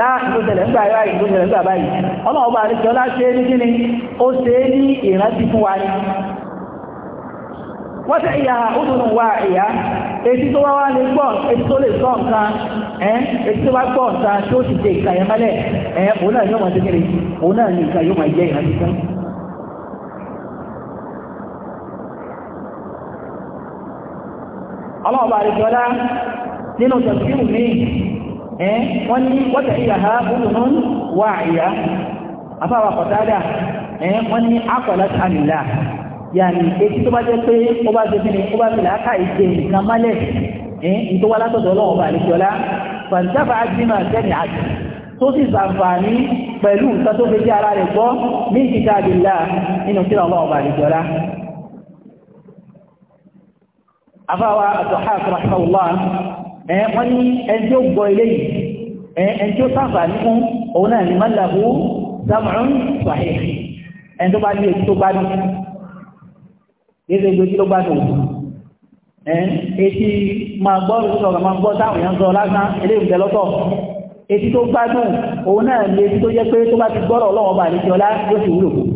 yaa ìlúṣẹ̀lẹ̀ ń gbà yá ìlúṣẹ̀lẹ̀ ń gbà báyìí ọlọ́run àríkẹ́ ọlá ṣe ní kíni ó ṣe é ní ìrántí fún wa wọ́n tẹ́ ìyá òdùnnú wa ìyá etí tó wá wá lè gbọ́ etí tó lè gbọ́ nǹkan ẹ́ etí tó wá gbọ́ nǹkan tí ó wọ́n ní wọ́tẹ̀ ìyàhá búrùnún wà àyà afáwà kọ̀tádà wọ́n ní akọ̀lá tàmìlà yàní etí tó bá jẹ́ pé ó bá jẹ́ fínni ó bá fi làákà ìṣe nǹkan mọ́lẹ̀ ìtò wá látọ̀dọ̀ ọlọ́run ọba àlejòọlá fàǹtàfà ájímà sẹ́ni àti tó sì sàǹfààní pẹ̀lú nǹkan tó fi jẹ́ ara rẹ̀ gbọ́ ní nínú afáwà ẹ eh, wọ́n ní ẹni tí ó gbọ́ ilé yìí eh, ẹni tí ó sáfà ní fún òun náà ní mọ́láhù sam'un sahih ẹni tó bá ní etí tó bá ní yéèdè ojú ló bá ní òkú etí máa gbọ́ ìrúsọ̀ ọ̀gá máa gbọ́ táwọn èèyàn sọ lásán eléyìí tẹ lọ́tọ̀ etí tó gbádùn òun náà ní etí tó jẹ́ pé tó bá ti gbọ́rọ̀ ọlọ́wọ́ bá ní ti ọlá yóò sì wúlò fún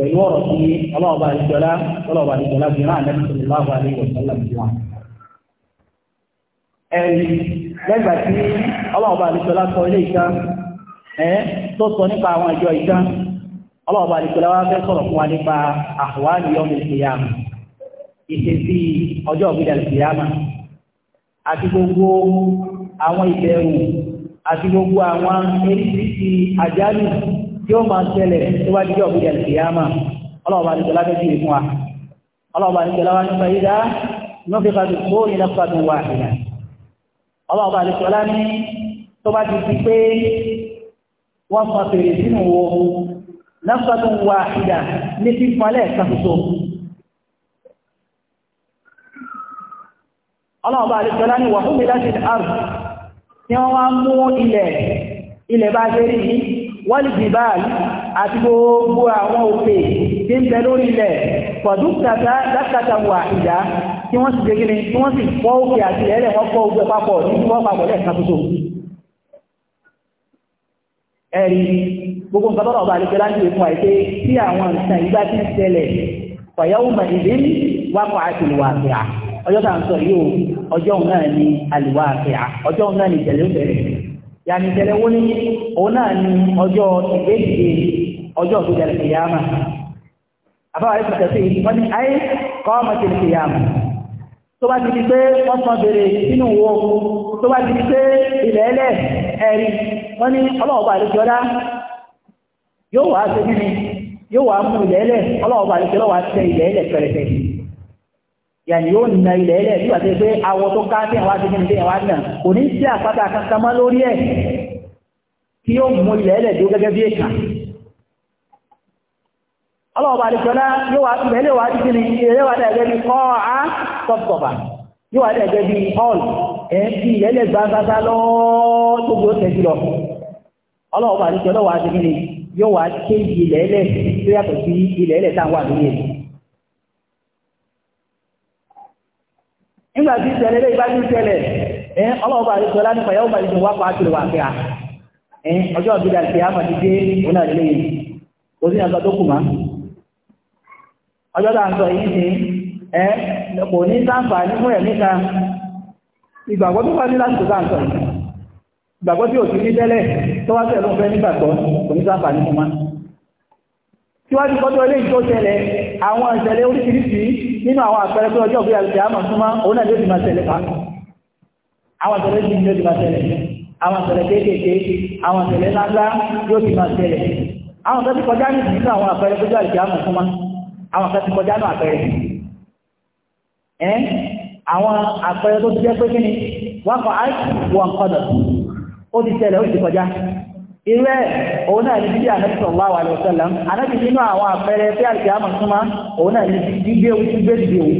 pẹ̀lú ọ̀rọ̀ sí ọlọ́ọ̀bá àdìjọlá ọlọ́ọ̀bá fi rán ẹ̀rí tí ọlọ́ọ̀bá àdìjọlá sọ ilé ìta ẹ̀ tó sọ nípa àwọn ìjọ ìta ọlọ́ọ̀bá wá fẹ́ sọ̀rọ̀ fún wa nípa ìṣèyàmù ọjọ́ ìṣèyàmù àti gbogbo àwọn ìbẹ̀rù àti gbogbo àwọn àjálù tí ó máa ṣẹlẹ̀ tó bá díjọ́ òbí ẹ̀lẹ́yàmà ọlọ́ọ̀bá ní tọ́lá bẹ́ẹ̀ fún wa ọlọ́ọ̀bá ní tọ́lá wá ní fàyídá lọ́fẹ́ fàtí tó ní lọ́fàtí wà ìyà ọlọ́ọ̀bá ní tọ́lá ní tó bá ti fi pé wọ́n fà fèrè sínú wo lọ́fàtí wà ìyà ní fífọ́lẹ̀ kàtútù ọlọ́ọ̀bá ní tọ́lá ní wàhúmi láti àrùn tí wọ́n wá mú ilẹ̀ ilẹ̀ bá gẹ́rí yìí wọ́lì jìbáàlì àti gbogbo àwọn òkè tí ń bẹ lórí ilẹ̀ pọ̀dúkàtà dákàtà wà ìdá tí wọ́n sì jẹ́gínní tí wọ́n sì fọ́ òkè àti ilẹ̀ wọ́n fọ́ ogun papọ̀ ní wọ́n papọ̀ lẹ́ẹ̀kan tó ẹ̀rí gbogbo nǹkan tọ́lọ̀ ọba àdìgbẹ́ láti ìfún àìpé tí àwọn nǹkan ìgbà ti ń ṣẹlẹ̀ fàyàwó màdìdí wákọ̀ àti ìwà àfẹ́à ọjọ́ tá ń sọ yìí ọjọ́ òun náà ni àlìwà àfẹ́à ọjọ́ òun náà ni ìṣẹ̀lẹ̀ ya tẹ̀lé wọ́n ní òun náà ní ọjọ́ ìgbéjìde ọjọ́ tó kìyàmà àbáwá ẹ̀sùn tẹ̀sí wọ́n ní ayé kọ́ ọmọ tẹ̀lé kìyàmà tó bá ti di pé wọ́n sọ bèrè sínú wo tó bá ti di pé ilẹ̀ ẹlẹ̀ ẹ̀rí wọ́n ọlọ́ọ̀bà yàní yóò na ilẹ̀ ẹlẹ́ bí wàá ṣe pé awọ tó ká sí ẹ̀wá síbi níbi ẹ̀wá náà kò ní sí àpáta kankan mọ́ lórí ẹ̀ tí yóò mú ilẹ̀ ẹlẹ́ dúró gẹ́gẹ́ bí èkà ọlọ́ọ̀bà àdìsọ́lá yóò wá ilẹ̀ ẹlẹ́ wá síbi ní ilẹ̀ ẹlẹ́ wá dà gẹ́gẹ́ bí kọ́ nígbà tí ìṣẹ̀lẹ̀ lè bá ní ìṣẹ̀lẹ̀ ẹ̀ ọlọ́ọ̀bà ìṣọ́lá nípa yàwó bàjẹ́ wà pa àti ìwà àfíà ẹ̀ ọjọ́ ìbílẹ̀ àti àmà ti dé òun náà lè yìí kò sí ìyàtọ̀ tó kù mọ́ ọjọ́ tàǹtọ̀ yìí ni ẹ̀ kò ní sáǹfà ní fún ẹ̀mí kan ìgbàgbọ́ tó wá ní láti tàǹtọ̀ ìgbàgbọ́ tí ò ti ní tẹ́lẹ̀ tó wá tẹ̀lé síwájú kọjọ́ ilé ìjọ tẹ́lẹ̀ àwọn ìṣẹ̀lẹ̀ oríṣiríṣi nínú àwọn àpẹẹrẹ pé ọjọ́ ìgbé àti àmà súnmọ́ òun náà ló ti máa tẹ̀lé pàtó àwọn ìṣẹ̀lẹ̀ ti ló ti máa tẹ̀lé àwọn ìṣẹ̀lẹ̀ kéékèèké àwọn ìṣẹ̀lẹ̀ ńláńlá yóò ti máa tẹ̀lé àwọn kan ti kọjá ní ìdí àwọn àpẹẹrẹ pé ọjọ́ ìgbé àmà súnmọ́ àwọn kan ti irú ẹ̀ òun náà ní bí ànábì sallallahu alaihi wasallam ànábì nínú àwọn àpẹẹrẹ tí àlùkìyámà súnmọ́ òun náà ní gbígbé gbígbé dìde òun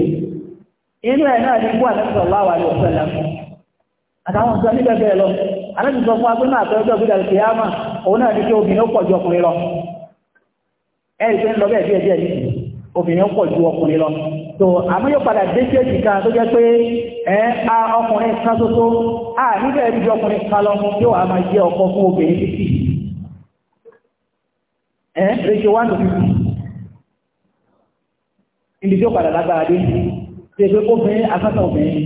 inú ẹ̀ náà ní àtàwọn bẹ́ẹ̀ lọ sọ fún àpẹẹrẹ òun náà ní kí obìnrin ó pọ̀ ju ọkùnrin lọ lọ bẹ́ẹ̀ díẹ̀ díẹ̀ obìnrin pọ̀ ju ọkùnrin lọ so àmọ́ yóò padà dé sí èjì kan tó jẹ́ pé ẹ́ a ọkùnrin kan tó tó a nígbà ẹ̀rí ju ọkùnrin kan lọ yóò a máa jẹ́ ọkọ fún obìnrin títì ẹ́ ratio one to fifty ibi tí ó padà lágbára dé ṣe pé obìnrin asásán obìnrin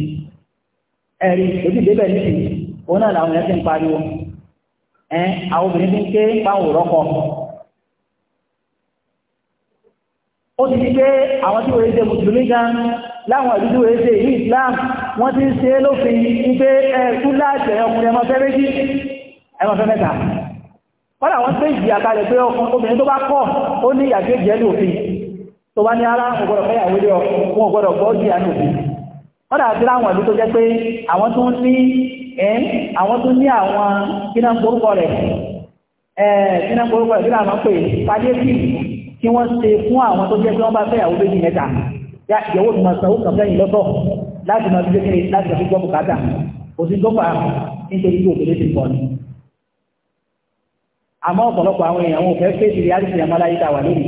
ẹ̀rí ojú ìdébẹ̀ nísìnyí òun náà làwọn yẹn ti ń pariwo ẹ́ àwọn obìnrin ti ń ké pàwọn òrọ́kọ ó ti di pé àwọn tí wòye ṣe mùsùlùmí gan láwọn ìlú tí wòye ṣe ìlú Islam wọ́n ti ń ṣe lófin wípé ẹ̀kú láti ọkùnrin ẹmọ fẹ́ méjì ẹmọ fẹ́ mẹ́ta wọ́n àwọn pé ìjì àkàlẹ̀ pé obìnrin tó bá kọ̀ ó ní ìyàgbéjì ẹlú òfin tó bá ní ara wọn gbọ́dọ̀ fẹ́ ìyàwó ilé wọn gbọ́dọ̀ gbọ́ jì àánú òfin wọ́n dà sí láwọn ìlú tó jẹ́ pé àwọn tó ní ẹ́n àwọn tó ní àwọn kíná ń porúkọ rẹ̀ kíná ń porúkọ rẹ̀ kí wọ́n ṣe fún àwọn tó jẹ́ kí wọ́n bá fẹ́ ìyàwó méjì mẹ́ta yá ìyàwó tó máa sanwó kan lẹ́yìn lọ́tọ̀ láti máa fi kékeré láti máa fi gbọ́ bùkátà kò sí gbọ́fà nítorí tí òkèlè ti pọ̀ ni. àmọ́ ọ̀pọ̀lọpọ̀ àwọn èèyàn wọn ò fẹ́ fèsì reality àmọ́ láyé tá a wà lónìí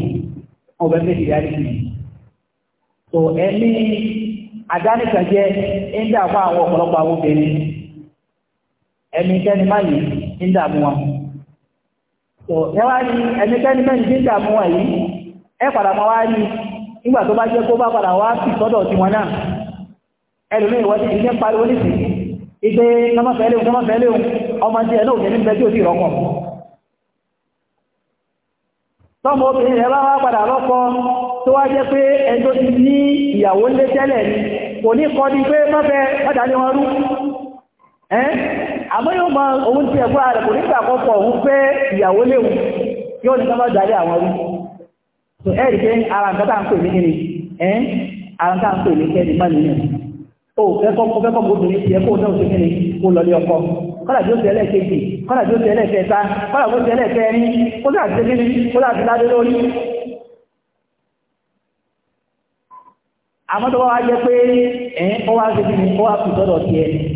wọn ò fẹ́ fèsì reality. tó ẹni àdánìkan jẹ́ ń dààmú àwọn ọ̀pọ̀lọpọ̀ àwọn obìnrin ẹni kẹ́ni tó ẹ wá ní ẹnikẹ́ni mẹ́rin tí ń dààmú wà yìí ẹ padà máa wá ní nígbà tó bá jẹ́ kó bá padà wá sí sọ́dọ̀ tí wọn náà ẹlòmíì wọ́n ti ní pariwo nìsí ìgbé kọ́mọ́fẹ́lẹ́hùn kọ́mọ́fẹ́lẹ́hùn ọmọ tí ẹlò òjẹ́ nígbẹ́ tí ó sì rọ́kọ̀ tọ́mọ obìnrin rẹ̀ bá wá padà lọ́kọ tó wá jẹ́ pé ẹjọ́ ti ní ìyàwó lé tẹ́lẹ̀ ni kò ní kọ́ ní pé mọ́fẹ́ mọ́tàlé àmọ́ yóò máa ohun ti ẹ̀kọ́ rẹ̀ kò ní ìgbàkọ́kọ́ òun pé ìyàwó léwu yóò ní sọ́mọ́ darí àwọn rí so ẹ̀rì pé ara nǹkan tá ń pè ní ẹ́n ara nǹkan ń pè ní kẹ́ni má nìyẹn o fẹ́kọ́ fẹ́kọ́ ti ẹ̀kọ́ ọkọ tí ó ti ẹlẹ́ẹ̀kejì tí ó ti ẹlẹ́ẹ̀kẹta ti ẹlẹ́ẹ̀kẹrin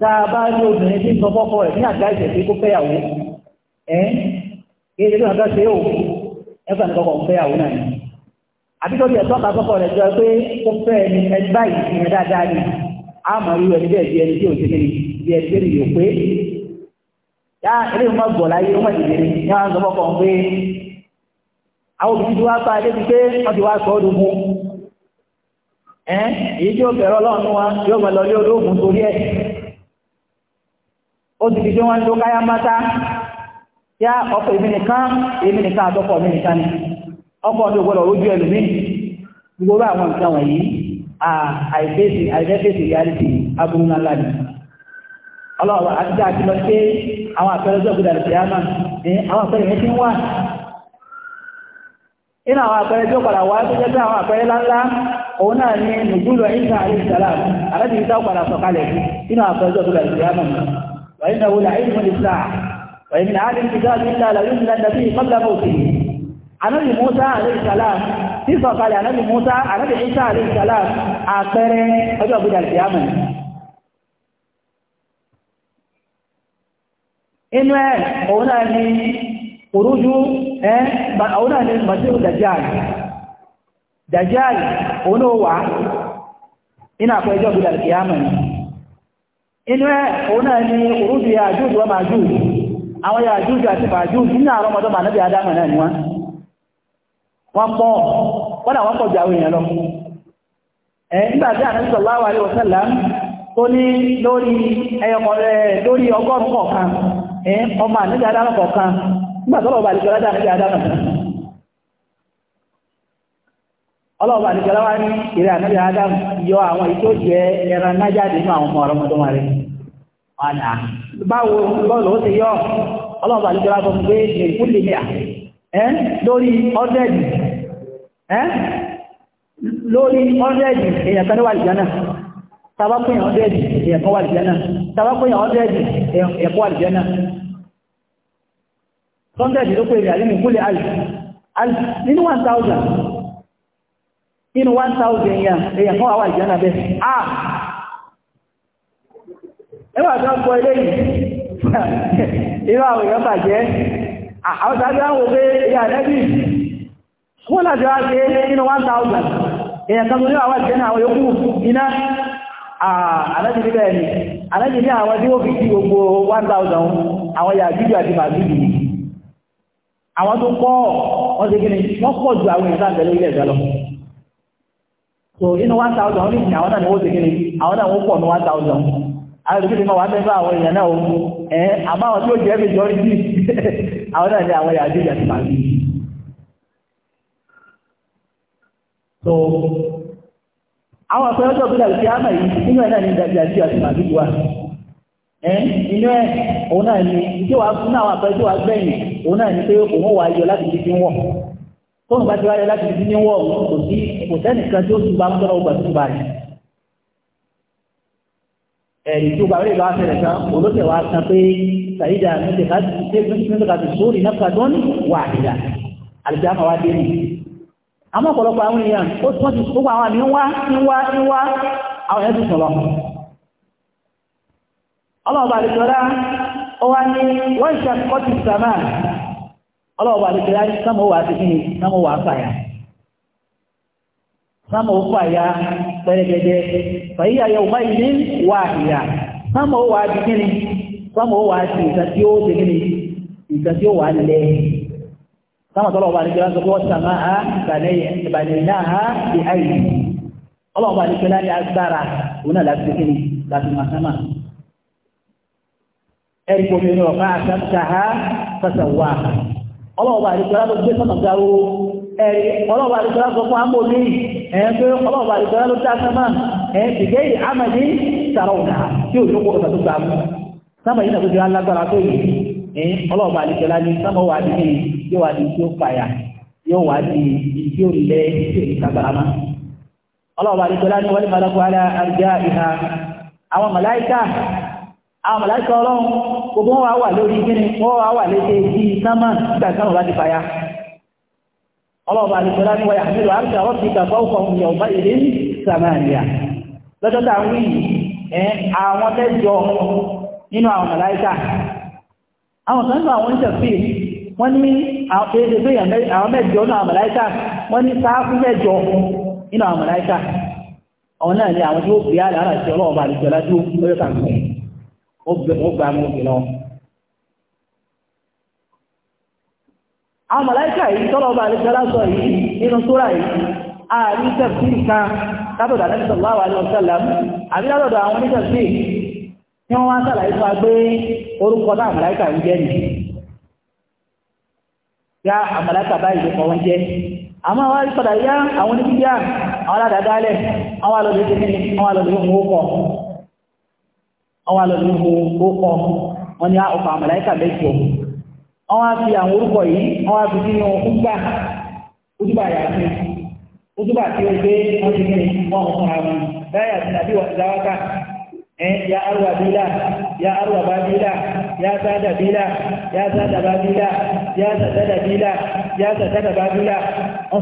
dáàbá ní obìnrin tí ń sọ fọ́kọ́ rẹ̀ ní àgbá ìṣẹ̀ pé kó fẹ́yàwó ẹ́ kí ẹgbẹ́ náà ṣe ó ẹgbẹ́ ní kọ́kọ́ fẹ́yàwó náà ni àbíkọ́bí ẹ̀ tọ́ka fọ́kọ́ rẹ̀ jọ pé kó fẹ́ ẹni ẹgbá ìṣẹ̀ dáadáa ni a mọ̀ irú ẹni bẹ́ẹ̀ bí ẹni tí ò ṣe kiri bí ẹni tí ò pé yá ilé ìmọ̀ gbọ̀ láyé ó mọ̀ ìdílé ní wọn sọ fọ́kọ́ pé àwọn òbí ti wá bá a débi pé wọ́n ti wá sọ ọ́ dogun ẹ́ èyí tí ó bẹ̀rẹ̀ ọlọ́run wa yóò mọ̀ lọ lé olóògùn torí ẹ̀ ó ti fi jẹ́ wọ́n ló káyá mátá yá ọkọ̀ èmi nìkan èmi nìkan àtọ́kọ̀ mi nìkan ni ọkọ̀ ọdún ògbọ́dọ̀ ojú ẹlòmí gbogbo àwọn nǹkan wọ̀nyí àìfẹ́sì àìfẹ́sì reality aburú ni ọlọ́wọ́ àtijọ́ àti lọ sí àwọn àpẹẹrẹ tó gbọdọ̀ àti àmà ní àwọn àpẹẹrẹ yẹn ti ń wà nínú àwọn àpẹẹrẹ tó padà wá tó jẹ́ pé àwọn àpẹẹrẹ ńláńlá òun náà ni nùgbùlọ̀ ìsà àìsàlá àrẹ́bìnrin tó padà sọ̀kalẹ̀ nínú tó gbọdọ̀ àti àmà وإنه لعلم للساعة وإن أهل الكتاب إلا ليملن به قبل موته anabi musa alayhi salam tí sọ̀kalẹ̀ anabi musa anabi isa alayhi salam àpẹẹrẹ ọjọ́ ọ̀gbẹ́dà alìyàmù inú ẹ̀ òun náà ni òrújú ẹ́ òun náà ni masiru dajjal dajjal òun náà wà inú àpẹẹjọ́ ọ̀gbẹ́dà alìyàmù inú ẹ̀ òun náà ni orúdù Yájújù a Májújù àwọn Yájújù àti Májújù nínú àrọ́ ọmọdé mànàbí adámà náà ni wọ́n wọ́n pọ̀ wọ́nà wọ́n pọ̀ jù àwọn lọ ẹ̀ nígbàtí Ànábì ọlọ́ọ̀bà àdìgbẹ́lá wá ní ìrẹ́ ànábì adam yọ àwọn èyí tó jẹ́ ẹran náà jáde nínú àwọn ọmọ ọ̀rọ̀mọdọ́mọ rẹ̀ ọ̀nà báwo bọ́ọ̀lù ó ti yọ ọlọ́ọ̀bà àdìgbẹ́lá sọ pé èkú lè mìà ẹ́ lórí ọ́dẹ́ẹ̀dì ẹ́ lórí ọ́dẹ́ẹ̀dì èèyàn kan wà lìjánà tàbá pé èèyàn ọ́dẹ́ẹ̀dì èèyàn kan wà lìjánà tàbá pé èèyàn ọ́dẹ́ẹ̀dì èèyàn kan wà lìjánà sọ́ndẹ̀ẹ̀dì ló pé èèyàn nínú 1000 inú 1000 èèyàn èèyàn fún àwọn ìjọ́nà bẹ́ ah ẹwà tó ń pọ̀ ilé yìí irú àwọn èèyàn bàjẹ́ àwọn tàbí àwọn òfé èèyàn lẹ́bí wọ́n láti wá pé inú 1000 èèyàn kan ní àwọn ìjọ́nà àwọn yòókù iná àlẹ́jì bẹ́ẹ̀ ni àlẹ́jì ní àwọn tí ó fi sí gbogbo 1000 àwọn yàjíjù àti màjíjù àwọn tó kọ́ wọ́n ti gíní wọ́n pọ̀ ju àwọn ìsáǹtẹ̀lẹ́ ilẹ̀ ìjọ́lọ́ so inú one thousand ní ìsìn àwọn náà ni wọ́n ti kiri àwọn náà wọ́n pọ̀ ní one thousand àwọn ìdíkìlì máa wà bẹ́ẹ̀ bá àwọn èèyàn náà o ẹ̀ àmọ́ àwọn tí ó jẹ́ majority àwọn náà ni àwọn yàrá ìjà ti so àwọn àpẹẹrẹ ọjọ́ ìbílẹ̀ ìfẹ́ àmà yìí inú ẹ̀ náà ni ìdájọ́ àti àti màbí wa ẹ̀ inú ẹ̀ òun náà ni tí wàá fún àwọn àpẹẹrẹ tí wàá gbẹ̀yìn òun náà ni pé òun wàá yọ láti fi fi wọ̀ tóun bá ti wáyé láti fi ní wọ́ọ̀ kò sí kò sẹ́nìkan tí ó tún bá ń tọ́rọ ọgbà tún bá rẹ̀ ẹ̀rì tí ó bá rí ìlú afẹ́rẹ̀ kan olóṣèlú wa kan pé sàyídà mẹ́tẹ̀ká ti sórí náà tó ní wà àdìdà àlùjáfà wa dé nì àmọ́ ọ̀pọ̀lọpọ̀ àwọn èèyàn ó tún ti gbogbo àwọn àmì ń wá ń wá ń wá àwọn ẹ̀sùn sọ̀rọ̀ ọlọ́ọ̀bà àlùjọ́lá ó wá ní wọ́n ìṣàkọ́tì sàmáà ọlọ́ọ̀bà àdìkìlá sámọ̀ wà sí kíni sámọ̀ wà fàyà sámọ̀ fàyà pẹ̀lẹ̀gẹ̀dẹ̀ fàyíyà yọ bá ilé wà ìyà sámọ̀ wà sí kíni sámọ̀ wà sí ìgbà tí ó ti kíni ìgbà tí ó wà lẹ́ sámọ̀ tọ́lọ̀ọ̀bà àdìkìlá sọ pé sàmà á ìbàlẹ̀ náà á di àyè ọlọ́ọ̀bà àdìkìlá ní agbára òun náà láti kíni láti máa sámà ẹ̀rí kòmìnira ọlọ́ọ̀bà àdìsọ́lá ló gbé sọ́nà ga ooru ẹ̀rí ọlọ́ọ̀bà àdìsọ́lá sọ fún amó mi ẹ̀ ń pé ọlọ́ọ̀bà àdìsọ́lá ló dá sẹ́mà ẹ̀ ń tìgé yìí amadi sàrọ̀ ọ̀nà tí ò lóko ọ̀sà tó gbà mú sábà yìí nàkójú alágbára tó yìí ẹ̀ ọlọ́ọ̀bà àdìsọ́lá ní sábà wà ní yóò wà ní tí ó fàyà yóò wà ní gbogbo wọn wà lórí gíní wọ́n wà wà léṣe sí sámà gbàgbọ́n láti fàyà ọlọ́ọ̀bà àlùfẹ́lá ni wọ́yà nílò àrùsà ọ̀sì ìgbàgbọ́ ọkọ̀ òun yọ̀ bá èdè sàmàlìyà lọ́jọ́ tá à ń wí ẹ̀ àwọn mẹ́jọ nínú àwọn màláíkà àwọn kan nínú àwọn oníṣẹ̀fì wọ́n ní àwọn mẹ́jọ nínú àwọn màláíkà wọ́n ní sáàkú mẹ́jọ nínú àwọn màláíkà àwọn náà ni àwọn tí ó fi àlàárà sí ọlọ́ọ̀bà àlùfẹ́lá tí ó wọ́n mú mi lọ. àwọn yìí tọ́lọ̀ ọba àlejòlá sọ yìí nínú súrà yìí ààrí tẹ̀síì kan látọ̀dọ̀ àti sọ̀rọ̀ àwọn àlejò sẹ́lẹ̀ àbí látọ̀dọ̀ àwọn oníṣẹ̀síì tí wọ́n wá sàlàyé fún wa pé orúkọ náà ń jẹ́ nìyí. báyìí ló kọ́ wọ́n jẹ́ àmọ́ yá àwọn àwọn ọwọ́ alọ́ ní mo ó kọ́ wọn ni ọkọ̀ àmàláìkà mẹ́jọ ọwọ́ á fi àwọn orúkọ yìí ọwọ́ á fi sínú ọgbà ojúbà yàtí ojúbà tí ó gbé wọn ti gbé wọn kọ́ ara wọn báyà tí nàbí wà láwákà ẹ ya arúgbà bílà ya arúgbà bá bílà ya sáadà bílà ya sáadà bá bílà ya sàdádà bílà ya sàdádà bá bílà wọn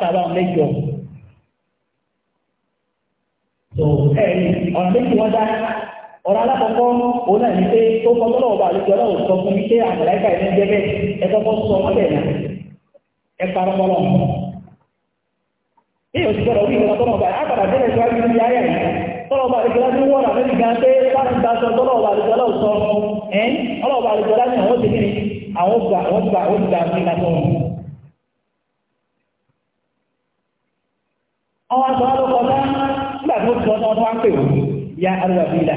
sàbà wọn mẹ́jọ so ẹ ọ̀nà méjì wọn dá ọ̀rọ̀ alákọ̀ọ́kọ́ òun náà ní pé tó kọ́ tó lọ́wọ́ bá àlejò ọlọ́wọ́ sọ fún mi pé àmàlẹ́kà ẹ̀mí jẹ́ bẹ́ẹ̀ ẹ kọ́kọ́ sọ ọmọdé ẹ̀yà ẹ parọ́ mọ́ lọ́wọ́ bí òsì gbọ́dọ̀ wí ìgbà tọ́lọ́wọ́ bá àpàdà bẹ́ẹ̀ sọ àbí ní ayé rẹ̀ tọ́lọ́wọ́ bá àlejò ọlọ́wọ́ wọ́n rà mẹ́rin gan pé láti gba sọ tọ́lọ́wọ́ bá àlejò ọlọ́wọ́ sọ ẹ́ ọlọ́wọ́ bá àlejò ọlọ́wọ́ àwọn ti kiri àwọn gbà àwọn gbà àwọn gbà ní ìlànà wọn. ọwọ́ àtọ́wọ́ ló kọjá nígbà tó ti sọ ọdún wọn pè wọ́n ya arúgbó àbílà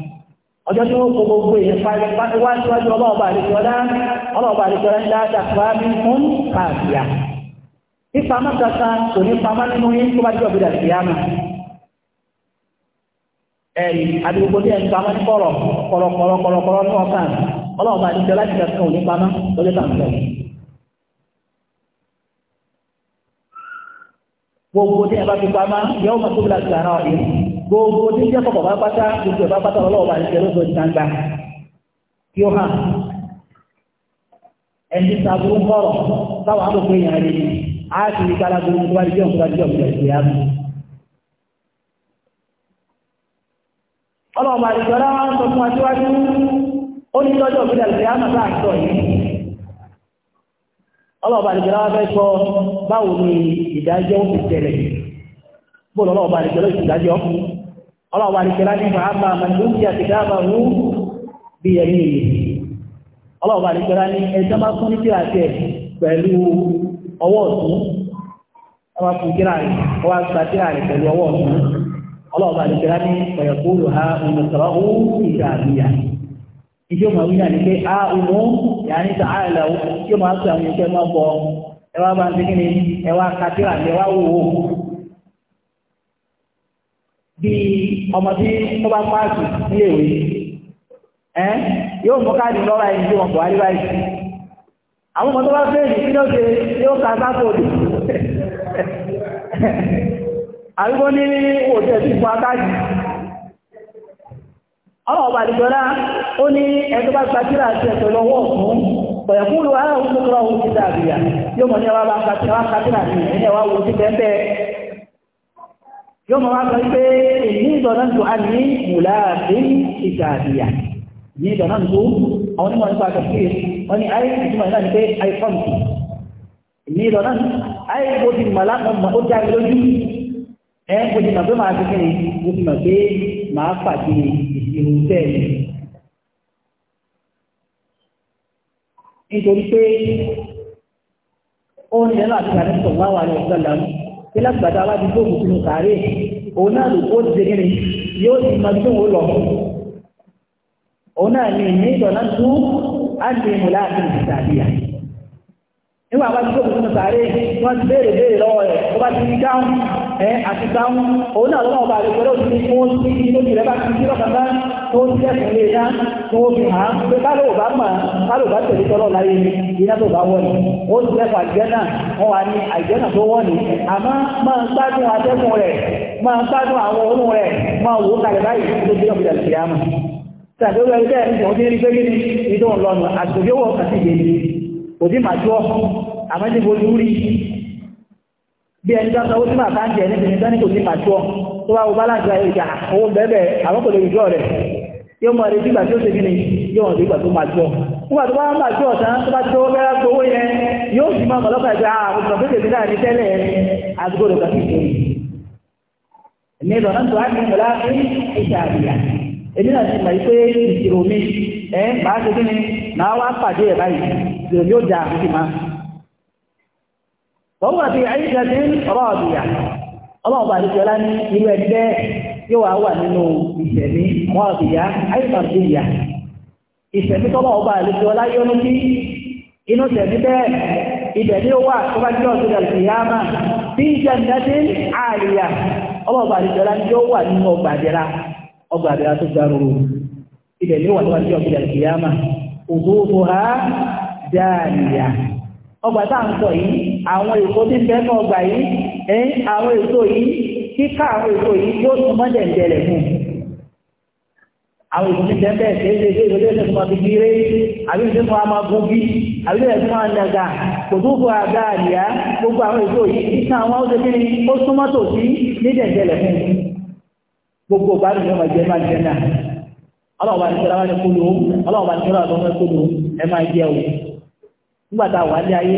ọjọ́ tí ó kó gbogbo èyí wáṣíwájú ọlọ́ọ̀bà àríkọ́lá ọlọ́ọ̀bà àríkọ́lá ń dáadáa fún àmì fún káàkiri ìpamọ́ kankan kò ní pamọ́ nínú yín tó bá jẹ́ ọ̀gbìn àti àmà ẹ̀yìn àdúgbò tí ẹ̀yìn pamọ́ ní kọ̀rọ̀ kọ̀rọ̀ kọ̀rọ̀ kọ̀rọ̀ ní ọ̀kan ọlọ́ọ̀bà àríkọ́lá ti kankan ò ní pamọ́ lórí kàǹtẹ̀ gbogbo tí ẹ bá fi pamọ́ yọ gbogbo tí jẹ́ kọ̀kọ̀ bá pátá gbogbo ẹ̀bá pátá ọlọ́ọ̀bá ní ṣẹlẹ̀ tó ìtàǹgbà kí ó hàn ẹni sàbúrú ń bọ̀rọ̀ àbòkú èèyàn rẹ̀ ni a ti rí kára gbogbo tó bá rí jọ̀ǹkú bá rí jọ̀ǹkú rẹ̀ ìjọra wọn sọ fún aṣíwájú ó ní lọ́jọ́ àmà yìí ìjọra wọn fẹ́ sọ báwo ni ìdájọ́ ó Allah àríkẹ́lá ní fàámà màlúkì àtìdáàbà rú bí ẹ̀rí ìlú ọlọ́wà àríkẹ́lá ní ẹjọ́ máa fún níkí àti ẹ̀ pẹ̀lú ọwọ́ ọ̀tún ọwọ́ fún kíra rẹ̀ ọwọ́ àgbà kíra rẹ̀ pẹ̀lú ọwọ́ ọ̀tún ọlọ́wà àríkẹ́lá ní pẹ̀yẹ̀kúrò ha òmùsọ̀rọ̀ ó ìgbà àbíyà ìjọ máa wí náà ní pé a òmù yàní sàárẹ̀lẹ̀ ó tí ó máa sọ àwọn ìṣẹ́ máa bí ọmọdé bá nílé ìwé yóò mú káàdì ẹni tí wọ́n wáyé báyìí àwọn ọmọ tó bá fẹ́ẹ̀lì kí ló ṣe yóò ka sáfòdì àrígbó ní òjò ẹ̀sìn fún akáàdì ọmọ ọba àdìgbọ́lá ó ní ẹgbẹ́ bá gbajúra àti ẹ̀sọ̀ lọ́wọ́ ọ̀fún pẹ̀lú aláwọ̀ tó kọ́ yóò mọ̀ wá sọ pé èyí ìdọ̀nà tó a ní mùlá sí ìtàdíyà ní ìdọ̀nà tó àwọn onímọ̀ nípa àkàkiri wọ́n ní ayé ìtumọ̀ náà ní pé àìfọ́ǹtì ní ìdọ̀nà ayé bó ti mọ̀ lápapọ̀ ó já lójú ẹ bó ti mọ̀ pé máa fi kíni bó pàdé ìṣirò bẹ́ẹ̀ nítorí pé ó ń lẹ́nu àti àdéhùn sọ̀rọ̀ ọ̀sán lánàá pé látìgbàtà aládùúgbò kò sínú sàárè òun náà lòkó ti ni. kíni yóò ti mọ tí òun lọ òun náà ní ìní ìdọ̀nà tú àti ìmùlá àti ìsàdíyà nígbà bá ti kó kò sínú sàárè wọ́n ti béèrè béèrè lọ́wọ́ rẹ̀ ó bá ti ní dáhùn àti sáwọn òun náà lọ́wọ́ bá rẹ̀ pẹ̀lú òṣìṣẹ́ tí wọ́n ti ní lójú rẹ̀ bá ti ní lọ́kàn bá tó ń tẹ̀sùn lé iná tó ń fi hàn pé báwo bá mà báwo bá tẹ̀lé tọ́lọ̀ láyé ni iná tó bá wọ̀nyí ó ti tẹ̀sùn àjẹ́nà wọn wà ní àjẹ́nà tó wọ̀nyí àmọ́ máa ń gbádùn atẹ́kùn rẹ̀ máa ń gbádùn àwọn orun rẹ̀ máa wò kalẹ̀ báyìí tó bí ẹni tó sanwó sí máa bá ń jẹ níbi nítorí kò sí màtúọ̀ tó bá wo balance owó àwọn rẹ̀ yóò mọ̀ tí ó ṣe kí ni yóò hàn tó nígbà tó bá ń tán tó bá tó bẹ́ẹ̀ tó owó yẹn yóò sì máa àwọn ah, òṣìṣẹ́ tẹ́lẹ̀ àdúgbò rẹ̀ kàkí ìṣòro ọ fi dị tí rọ́ọ̀bì yà ọlọ́ọ̀bà àdìjọlá ní irú ẹgbẹ́ yóò wá wà nínú ìṣẹ̀mí rọ́ọ̀bì yà àyíṣẹ́ tí yà ìṣẹ̀mí tọ́lọ́ọ̀bà àdìjọlá yọnu sí inú ha ń sọ yìí àwọn èso tí fẹ́ náà ọgbà yìí ẹ̀yìn àwọn èso yìí kíkà àwọn èso yìí yóò tún mọ́ àwọn èso tí fẹ́ bẹ́ẹ̀ ṣe àbí àbí kò àlìyá gbogbo àwọn èso yìí kíkà àwọn ó kí ni ó tòsí ní fún gbogbo gbádùn ló o nígbà tá a wà ní ayé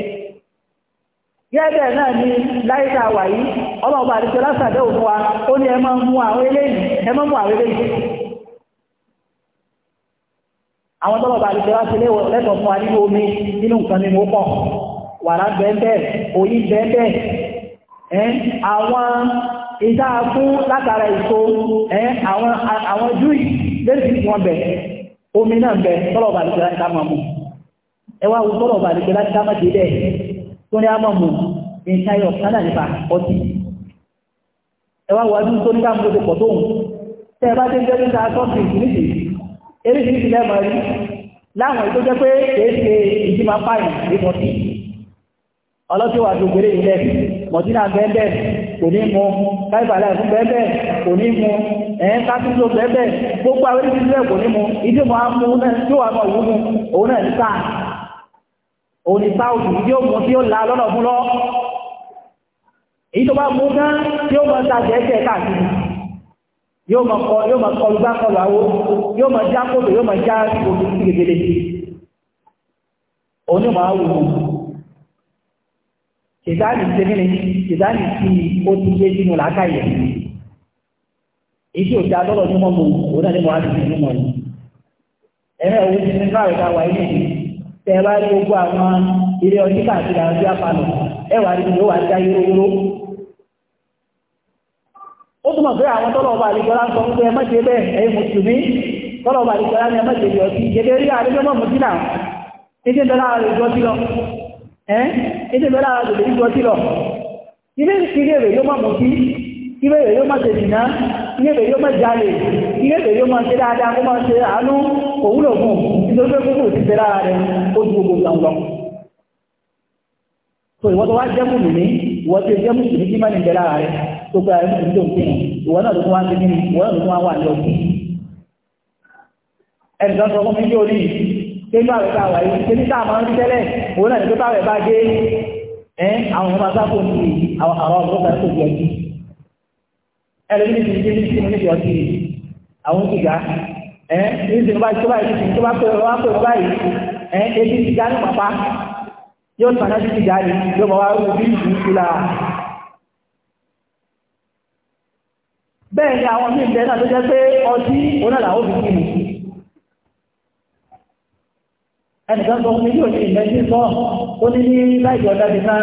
gẹ́gẹ́ náà ni láìka wà yìí ọmọ ọba àti tọ́lá sàdẹ́ òun wa ó ní ẹ máa mú àwọn eléyìí ẹ máa mú àwọn eléyìí àwọn tọ́lọ̀ ọba àti tọ́lá sílé lẹ́tọ̀ọ́ fún wa nínú omi nínú nǹkan ni mo pọ̀ wàrà bẹ́ẹ̀ oyin bẹ́ẹ̀ ẹ́ àwọn ìdá fún látara èso ẹ́ àwọn júì lẹ́sìn wọn bẹ̀ omi náà bẹ̀ tọ́lọ̀ ọba àti tọ́lá sí tó ní àmọ̀mù ní ṣáyọ̀ kánà nípa ọtí ẹwà wàájú tó nígbà mú lóko tó ń tẹ ẹ bá jẹ́ níta sọ́ọ̀tì ìsìnìsì lẹ́mọ̀ rí láwọn jẹ́ pé máa pààyàn ní tó ilẹ̀ mọ̀tínà bẹ́ẹ̀ kò ní bẹ́ẹ̀ kò ní bẹ́ẹ̀ gbogbo àwọn kò ní ìdí òun ni sáwùdù tí ó mú tí ó la lọ́nà fún lọ èyí tó bá mú gán tí ó mọ ta jẹ́ẹ̀kẹ́ káàkiri yóò mọ kọ yóò mọ kọlu yóò mọ já kóòtù yóò mọ já òkú sí gègèlè òun ni màá wù ú ṣètáàlì sẹ́mìnì ṣètáàlì tí ó ti gbé sínú làákàyè èyí ò dá lọ́rọ̀ ní mọ́ mu òun náà ni mo á ti fi nínú mọ́ ni ẹ̀rẹ́ òun ti ní káàrọ̀ ká wà ní ìlú tẹ̀wá rí gbogbo àwọn eré ọtí káàkiri àwọn a ẹwà rí gbogbo wà já yúrúwúrú ó túnmọ̀ pé àwọn tọ́lọ̀ àríkọlá sọ wípé ẹ má bẹ́ẹ̀ ẹ̀yin mùsùlùmí mị àríkọlá ní ẹ má dị ọtí rí àríkọ́ mùsùlùmí náà lọ lọ ilé yóò má ilé yóò má ilé yóò má kò wúlò fún nítorí pé kókò ti fẹ́ lára rẹ̀ ó ju gbogbo ìgbà lọ. tó ìwọ́n tó wá jẹ́ mùsùlùmí ìwọ́n tó jẹ́ mùsùlùmí kí má ní bẹ lára rẹ̀ tó gba ẹ̀rọ mùsùlùmí tó ń pè ìwọ́n náà ló tún wá ń pè nínú ìwọ́n náà ló tún wá wà ní ọ̀gbìn. ẹnìkan sọ fún mi ní orí kéńtà rẹ̀ ta wáyé kéńtà máa ń tẹ́lẹ̀ òun náà ẹ ní báyìí tó báyìí tó bá pè wá pè wá báyìí ẹ ebi ti dá ní pàpá yóò sàn náà ti dá ní yóò mọ wá rú bí ìlú ìlú la. bẹ́ẹ̀ ni àwọn míì bẹ́ẹ̀ náà ló jẹ́ pé ọtí òun náà làwọn òbí kìí ẹnìkan sọ fún mi yóò ní ìmẹ́sí sọ ó ní ní láìjọ ọ̀dá ti ká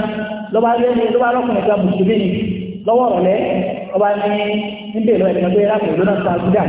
ló bá lé ní ló bá lọ́kùnrin kan mùsùlùmí lọ́wọ́ ọ̀rọ̀lẹ́ ọba ní níbẹ̀ lọ ẹ̀kan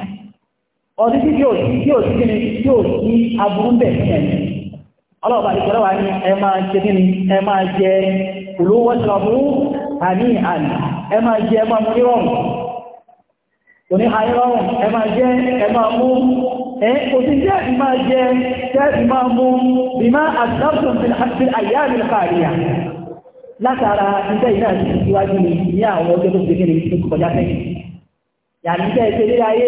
ọdún tí yóò sí yóò sí kíni yóò sí aburú bẹ̀ ní ẹ̀mí ọlọ́ọ̀bà ìṣẹ́lẹ̀ wà ní ẹ máa jẹ kíni ẹ máa jẹ kùlú wọ́sọ̀bù àní àní ẹ máa jẹ ẹ máa mú ní rọrùn òní ayé rọrùn ẹ máa jẹ ẹ máa mú ẹ òsì jẹ́ ẹ máa jẹ jẹ́ ẹ mú bí má àtúntàn fi àyè àmì ní àwọn ọjọ́ tó ti kíni kọjá sẹ́yìn yàrá iṣẹ́ ìṣẹ́lẹ̀ ayé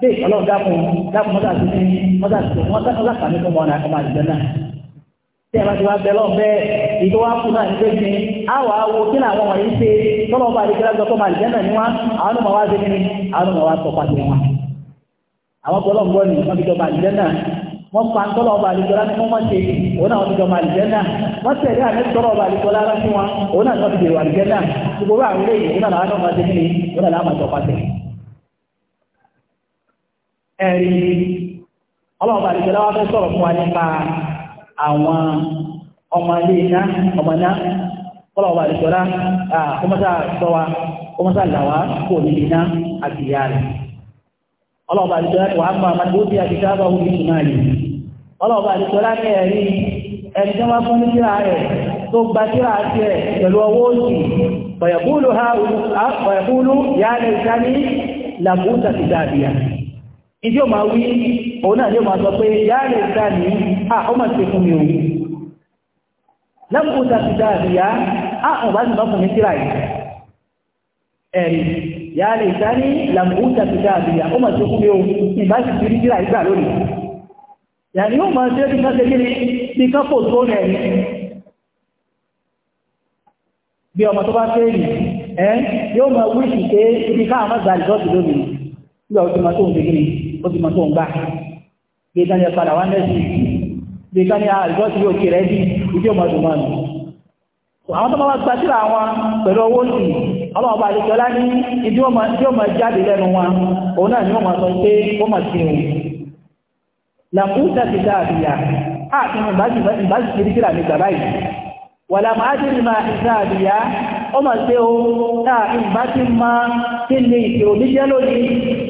pé ọlọ́run dákun dákun mọ́tà sí ní mọ́tà sí ní mọ́tà sí láǹfààní fún ọmọ ọmọ àdìjọ náà tí a bá ti wá bẹ bẹ́ẹ̀ kú náà nígbè ọba lọ́jọ́ náà ni àwọn ọmọ wa àwọn ọmọ wa sọ wọn. àwọn gbọ́ ni wọ́n fi jọba náà wọ́n pa ọba ṣe òun ti jọba ẹ̀rí ọlọ́ọ̀bà ọla wá fẹ́ sọ̀rọ̀ fún wa nípa àwọn ọmọ ilé iná ọmọ iná ọlọ́ọ̀bà àdìgbẹ́lá kò ní iná àti ìyá rẹ̀ ọlọ́ọ̀bà àdìgbẹ́lá wà á mọ àmàdé ó ti àdìgbẹ́ àbá òun ní ìtumá rẹ̀ ọlọ́ọ̀bà àdìgbẹ́lá ní ẹ̀rí ẹni tí wọ́n fún ní síra rẹ̀ tó ìdí o máa wí òun náà yóò máa sọ pé yáàrẹ ìta ní à ó máa ṣe fún mi òun lẹ́kùnkú tàbí dáadìyà á ọ̀ bá ti bá fún mi síra yìí ẹ̀rì yáàrẹ ìta ní lẹ́kùnkú tàbí dáadìyà ó máa ṣe fún mi òun ìbá sì ti rí síra yìí gbà lónìí yàrá yóò máa ṣe bí kan ṣe kí ni bí kan fò tó rẹ̀ ni bí ọmọ tó bá fẹ́ rí ẹ yóò máa wí pé ibi káà gbà lọ́sì lónìí nígbà tó máa tó ń ṣe kí ó ti mọ̀ tó ń gbà bí ká ní ẹ padà wá mẹ́sì bí ká ní àjọ sí òkè rẹ̀ bí ìdí ọmọdún mọ́nu àwọn tó bá wá gbàtíra wọn pẹ̀lú owó sí ọlọ́ọ̀bá àdìsọ́lá ní ìdí ọmọ jáde lẹ́nu wọn òun náà ni wọ́n máa sọ pé ó mà sí òun làkúta ti dá àbíyà ààfin ìbájú ti rí kíra mi gbà báyìí wà láàmà á ti rí máa ìdá àbíyà ó mà sí o náà ìbá máa kí ni ìṣòro níjẹ́ lónìí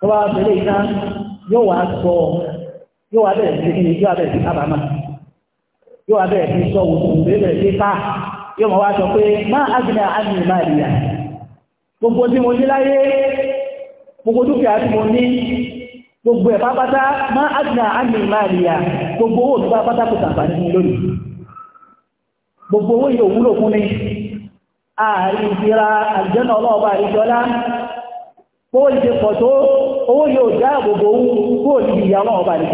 tó bá bẹ̀rẹ̀ iná yóò wá sọ yóò wá bẹ̀rẹ̀ sí kíni yóò wá bẹ̀rẹ̀ sí kábàámà yóò wá bẹ̀rẹ̀ sí sọ òkú bẹ̀rẹ̀ sí ká yóò máa wá sọ pé má àgbìnà àgbìnà máa rìyà gbogbo tí mo ní láyé gbogbo dúkìá tí mo ní gbogbo ẹ̀ pápátá má àgbìnà àgbìnà máa rìyà gbogbo owó tó bá pátá kò tàbà nínú lónìí gbogbo owó yìí òwúlò fún ni ààrin ìfira àjẹ́nà ọlọ́ọ̀bá ìjọlá bó ìṣe pọ̀ tó owó yóò dáàbò bò ó kó o níbi ìyá ọlọ́wọ́ bá sí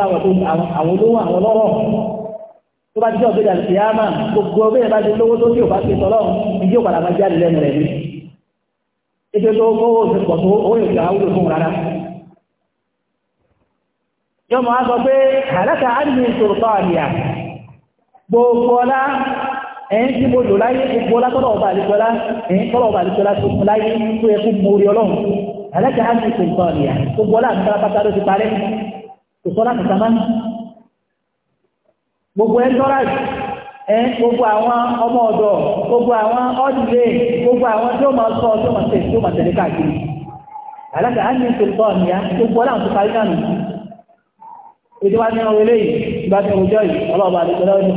àwọn olówó àwọn tó bá jẹ́ ọ̀gbẹ́dà gbogbo bá ti lówó tó tí ò bá ti sọ́lọ́ ìdí ò jáde lẹ́nu rẹ̀ ní ètò tó owó ti pọ̀ tó owó yóò gbà fún rárá á sọ pé á ní tọ́ gbogbo ọlá ẹ̀yìn tí mo lò láyé gbogbo látọ́lọ̀ ọba àlejòlá ẹ̀yìn tọ́lọ̀ ọba àlejòlá tó fún láyé tó yẹ fún mórí ọlọ́run á ní ìpè nǹkan láti sára pátá ló ti parẹ́ gbogbo ẹ̀ tọ́ra gbogbo àwọn ọmọ gbogbo àwọn ọ́dìlé gbogbo àwọn tí ó máa sọ tí ó máa tí ó máa tẹ̀lé káàkiri á ní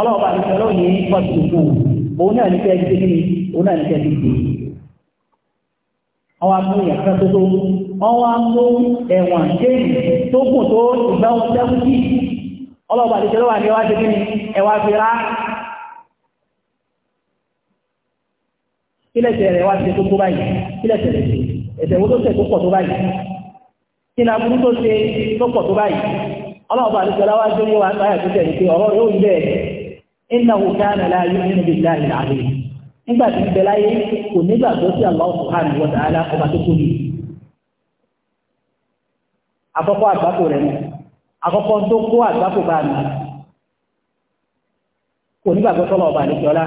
ọlọ́ọ̀bá àti ìṣẹ̀lẹ̀ òní pọ̀tùkù òun náà ní kẹ́ẹ̀dì sí òun náà ní kẹ́ẹ̀dì sí ọwọ́ amúyẹ̀ kan tó tó ọwọ́ amú ẹ̀wọ̀n jéèmì tó kù tó ìgbà sẹ́wùtì ọlọ́ọ̀bá àti ìṣẹ̀lẹ̀ wà ní ẹwà jẹ́kí ẹwà fi rá kílẹ̀ wá ṣe tó tó báyìí kílẹ̀ tẹ̀rẹ̀ ẹ̀sẹ̀ wo tó tẹ̀ tó pọ̀ tó báyìí kí ni aburú tó ṣe tó pọ̀ tó báyìí wá إنه كان لا يؤمن بالله العظيم إن nígbà tí ń bẹ láyé kò nígbà tó sí Allah subhanahu wa ta'ala ọba tó kú ni àkọ́kọ́ àgbákò rẹ̀ ni àkọ́kọ́ tó kó àgbákò bá mi kò nígbà tó sọ́lọ̀ ọba àlejòọ́lá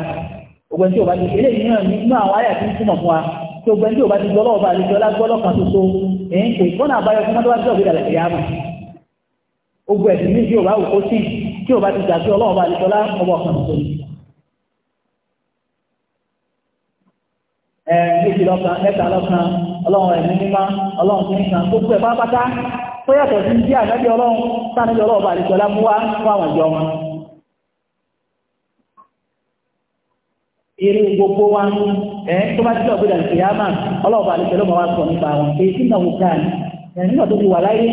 ògbẹ́ tí o bá ti ṣe eléyìí náà nínú àwọn àyà tí ń túmọ̀ wa tí ògbẹ́ o bá ti gbọ́lọ́ ọba àlejòọ́lá gbọ́lọ́ kan tó so èyí kò ìfọ́nà àbáyọ fún mọ́tò wá sí ọ̀gbẹ́dà lẹ́yìn àmà ogun ẹ̀sìn ní ìdí òbá òkó sí tí o bá ti gbàgbé ọlọ́run bá nìkọ́lá ọmọ kan tó ní. ẹ méjì lọ́kan mẹ́ta lọ́kan ọlọ́run ẹ̀mí mímá ọlọ́run tó ní kan tó pẹ́ pátápátá tó yàtọ̀ sí bí ọlọ́run ọlọ́run bá mú wá fún àwọn ìjọ wọn. gbogbo wa tó bá ti gbé dàgbé yá nígbà tó ti wà láyé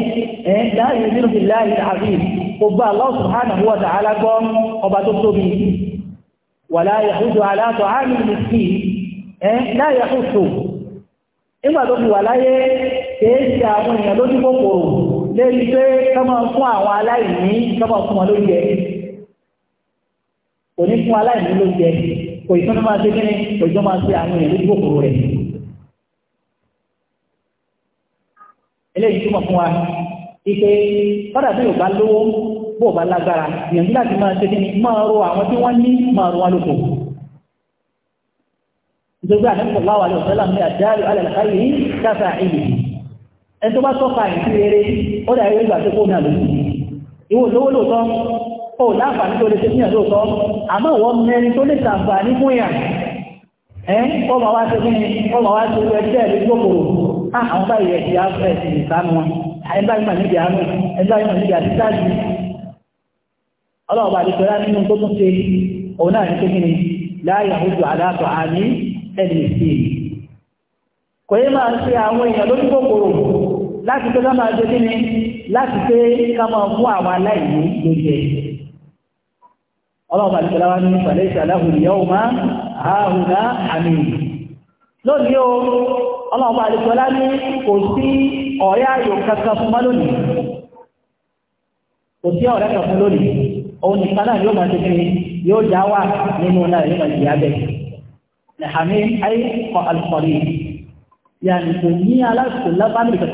ẹ̀ láàyè nínú fi láàyè àbí gbogbo Allah subhanahu wa ta'ala gbọ́ ọba tó tóbi wà láyé àwùjọ aláàtọ̀ láyé àwùjọ nígbà tó wà láyé kìí ṣe àwọn èèyàn lójú kòkòrò lérí pé kọ́mọ fún àwọn aláìní kọ́mọ fún wọn lóúnjẹ kò ní fún aláìní lóúnjẹ kò máa ṣe kò máa ṣe àwọn èèyàn lójú kòkòrò rẹ̀ eléyìí túmọ̀ fún wa ike kọ́dà tó yóò bá lówó bó bá lágbára ìyànjú láti máa ṣe kí ni máa ro àwọn tí wọ́n ní máa ro wọn lóko nítorí àdéhùn sọ̀rọ̀ àwọn àlọ́ sọ́lá ní àdáàlú alàlàkàlì káfà ìlú ẹni tó bá tọ́ka ìlú eré ó dà eré ìgbà tó kó náà lóko ìwò lówó lóòótọ́ ó láǹfààní tó lè ṣe fún yàn lóòótọ́ àmọ́ ìwọ mẹ́rin tó lè ṣàǹfààní fún yàn ẹ́ kọ́ máa wá ṣe fún mi kọ́ máa wá ṣe fún ẹgbẹ́ Ah, àwọn báyìí ẹ̀dì afẹ́ ìsìn ìsánú nínú tó tún ṣe òun náà ní pé kí ni láàyè àdáàtọ̀ àní ẹ̀dì sí kò máa ṣe àwọn èèyàn kòkòrò láti láti pé ká máa fún àwọn ọlọ́ọ̀bá àdìsọ́lá ní kò sí ọ̀rẹ́ ayò kankan fún mọ́ lónìí kò sí ọ̀rẹ́ kan fún lónìí òun nìkan náà yóò máa tẹ́kẹ́ yóò já wà nínú náà yóò máa jìyà bẹ́ẹ̀ lẹ́hàmí ayé kọ alùpàdé yàrá kò ní aláṣẹ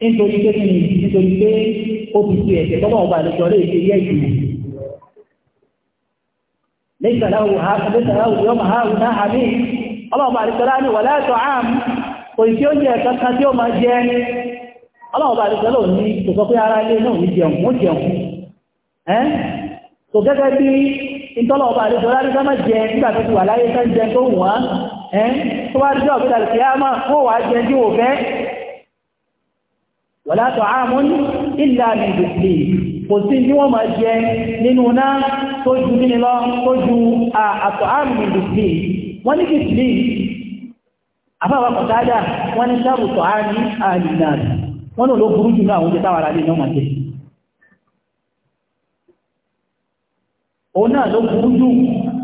nítorí pé kí ni nítorí pé ó fi ṣe ẹ̀ṣẹ̀ tọ́lọ́ ọba àlejò lè ṣe yẹ ìlú. lẹ́yìn tàlá òwò ha lẹ́yìn tàlá òwò yọmọ ha òwò náà àmì ọlọ́ọ̀bà àlejò lá ní wàlá ẹ̀tọ́ àm kò sí oúnjẹ kankan tí ó máa jẹ ọlọ́ọ̀bà àlejò lò ní kò sọ pé ara ilé náà ní jẹun ó jẹun ẹ́ kò gẹ́gẹ́ bí àlejò jẹ wọ̀lá tọ̀ ámún ìlà nìgbèsè kò sí ní wọ́n máa jẹ nínú náà tó ju nínú lọ tó ju àtọ̀ ámún nìgbèsè wọ́n ní gbèsè àbáwá kọ̀tádà wọ́n ní sábù tọ̀ ámún àlìnà wọ́n náà ló burú jù náà àwọn oúnjẹ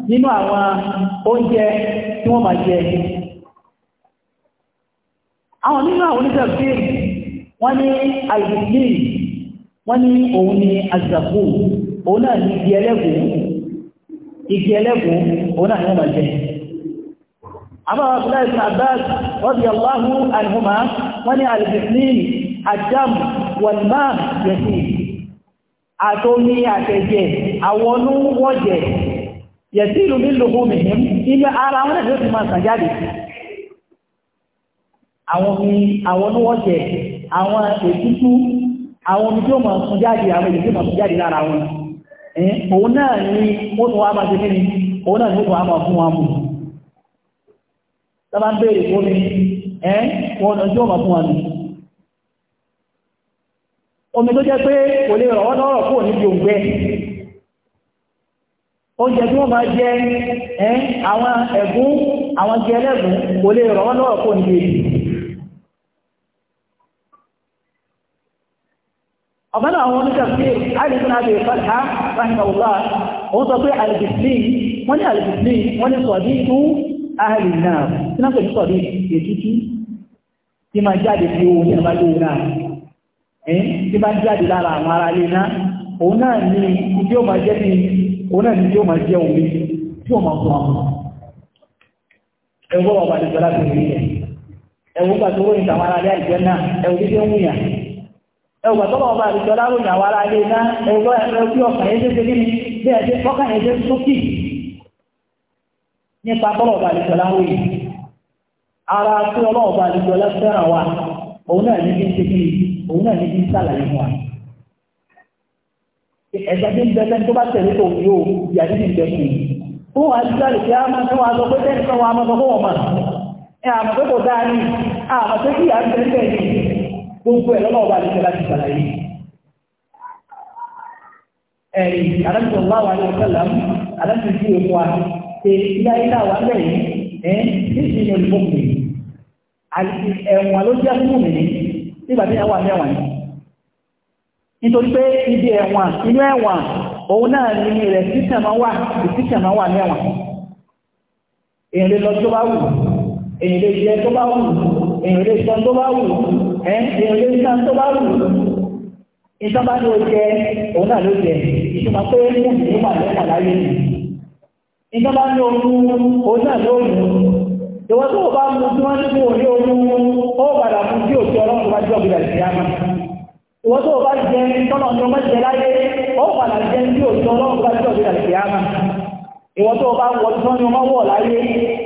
nínú àwọn oúnjẹ tí wọ́n wọ́n ní alìsílì wọ́n ní òun ni azàkú òun náà ní igi ẹlẹ́gùn igi ẹlẹ́gùn òun náà ní wọ́n jẹ́ àbáwá abdullahi ibn abbas radiyallahu anhuma wọ́n ní alìsílì adam wàlmá yẹsì àtomi àtẹ̀jẹ̀ àwọnú wọ́jẹ̀ yẹ̀sí ìlú nílùú mìíràn ilé àwọn ètútú àwọn omi tí ó máa sun jáde àwọn èdè tí ó máa sun jáde lára wọn òun náà ni ó tún wá máa ṣe kí ni òun náà ni ó tún wá máa fún wọn mú tọ́bá ń béèrè fún mi ẹ́ wọn náà tí ó máa fún wọn mú omi tó jẹ́ pé kò lè rọ̀ wọ́n lọ́rọ̀ kúrò níbi oúnjẹ tí wọ́n máa jẹ ẹ́ àwọn ẹ̀gún àwọn jẹ ẹlẹ́gùn kò lè rọ̀ wọ́n lọ́rọ̀ kúrò níbi ọ̀kan náà àwọn oníṣẹ́fẹ́ àìlèkún àti ìfàlá rahimahullah ó sọ pé alìbìsí wọ́n ní alìbìsí wọ́n ní sọ̀dí fún ahìlì náà tí náà pẹ̀lú sọ̀dí ètútú tí máa jáde sí owó nígbà tó wúrà ẹ̀ tí bá jáde lára àwọn ará ilé náà òun náà ni tí ó máa jẹ́ ní òun náà ni tí ó máa jẹ́ omi tí bàbá ẹwà tọ́lọ̀ ọba àdìjọ láròyìn àwọn ará ilé iná ẹgbọ́ ẹ̀rọ tí ọkàn yẹn tẹ́tẹ́ nínú bí ẹ̀jẹ̀ ọkàn yẹn tẹ́tẹ́ sókè nípa tọ́lọ̀ ọba àdìjọ láròyìn ara tí ọlọ́wọ́ ọba àdìjọ lẹ́fẹ́ràn wa òun náà ní bí ń tẹ́tẹ́ òun náà ní bí ń sàlàyé fún wa. ẹ̀sẹ̀ tí ń bẹ fẹ́ tó bá tẹ̀lé tó yóò yà gbogbo ẹ̀ lọ́wọ́ bá nífẹ̀ẹ́ láti ṣàlàyé ẹ̀rì aláṣọ wà wà ní ọ̀sẹ̀lá aláṣọ sí epo wa ṣe ilé ayé náà wà lẹ́yìn ẹ̀ níṣì ní olùmọ̀kùnrin àti ẹ̀wọ̀n ló jẹ́ fún mi nígbà tí wọ́n wà ní ẹ̀wọ̀n nítorí pé ibi ẹ̀wọ̀n inú ẹ̀wọ̀n òun náà ní rẹ̀ sísẹ̀ máa wà ìsísẹ̀ máa wà ní ẹ̀wọ̀n èèyàn lè lọ tó bá wù èèyàn lè jẹ tó bá wù èèyàn lè tó bá wù ẹ́ èèyàn tó bá wù ìtàn bá ní o òun náà ló jẹ ìtumọ̀ pé mú ìlú ọ lẹ́kà láyé nì ìtàn bá ní oorun òun náà ló mú ìwọ tó o bá mú tí wọ́n mú ó padà tí ọlọ́run bá jọ sí àmà ìwọ tó o bá jẹ tọ́nà láyé ó padà jẹ tí ọlọ́run bá jọ sí àmà ìwọ tó o bá wọ tí wọ́n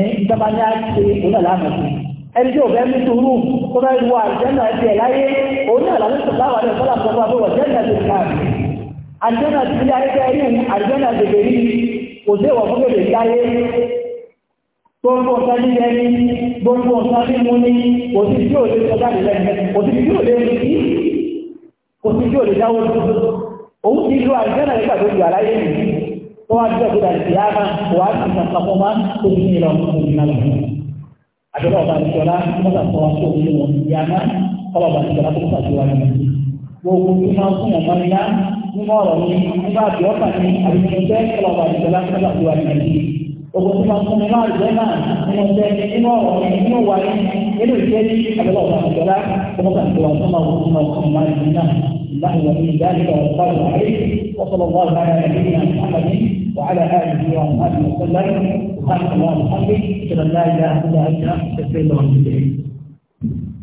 ìjọba ní àti onílànà sí ẹni tí ò bẹ́ mú sùúrù tó bá wà jẹ́nà ẹ̀sẹ̀ láyé onílànà sí sọ̀láwà rẹ̀ sọ́là tó bá wọ̀ jẹ́nà sí káàdì àjẹ́nà sí ilé ayé tẹ́ rí àjẹ́nà bèbè rí kò sí ìwọ̀n fún bèbè sí ayé gbogbo ọ̀sán ní ẹni gbogbo ọ̀sán ní mú ní kò sí tí ò lè sọ́jà nílẹ̀ kò sí tí ò lè rí sí kò sí tí ò lè dáwọ́ òun ti lo àjẹ́nà nígbà tó ju àlàyé nìyí tó wá jẹ́ ìgbà ìyáàmà wà á ti sàkóso máa tó ní ìlọ òmìnira lọ. àdúrà ọba àdìsọ́lá mọ́tà sọ wá tó ní wọn ìyáàmà ọba ọba àdìsọ́lá tó sàkóso wá ní. gbogbo bí máa fún ọmọ mi náà nínú ọ̀rọ̀ mi nígbà tí ó kà ní àdìsọ́lá ọba àdìsọ́lá tó sàkóso wá ní. gbogbo tí máa fún mi àdìsọ́ náà nínú ọ̀rọ̀ mi wáyé nínú ìṣẹ́ نحن ولي ذلك والقادر عليه وصلى الله على نبينا محمد وعلى اله وصحبه وسلم سبحانك الله وبحمدك اشهد ان لا اله الا انت استغفر الله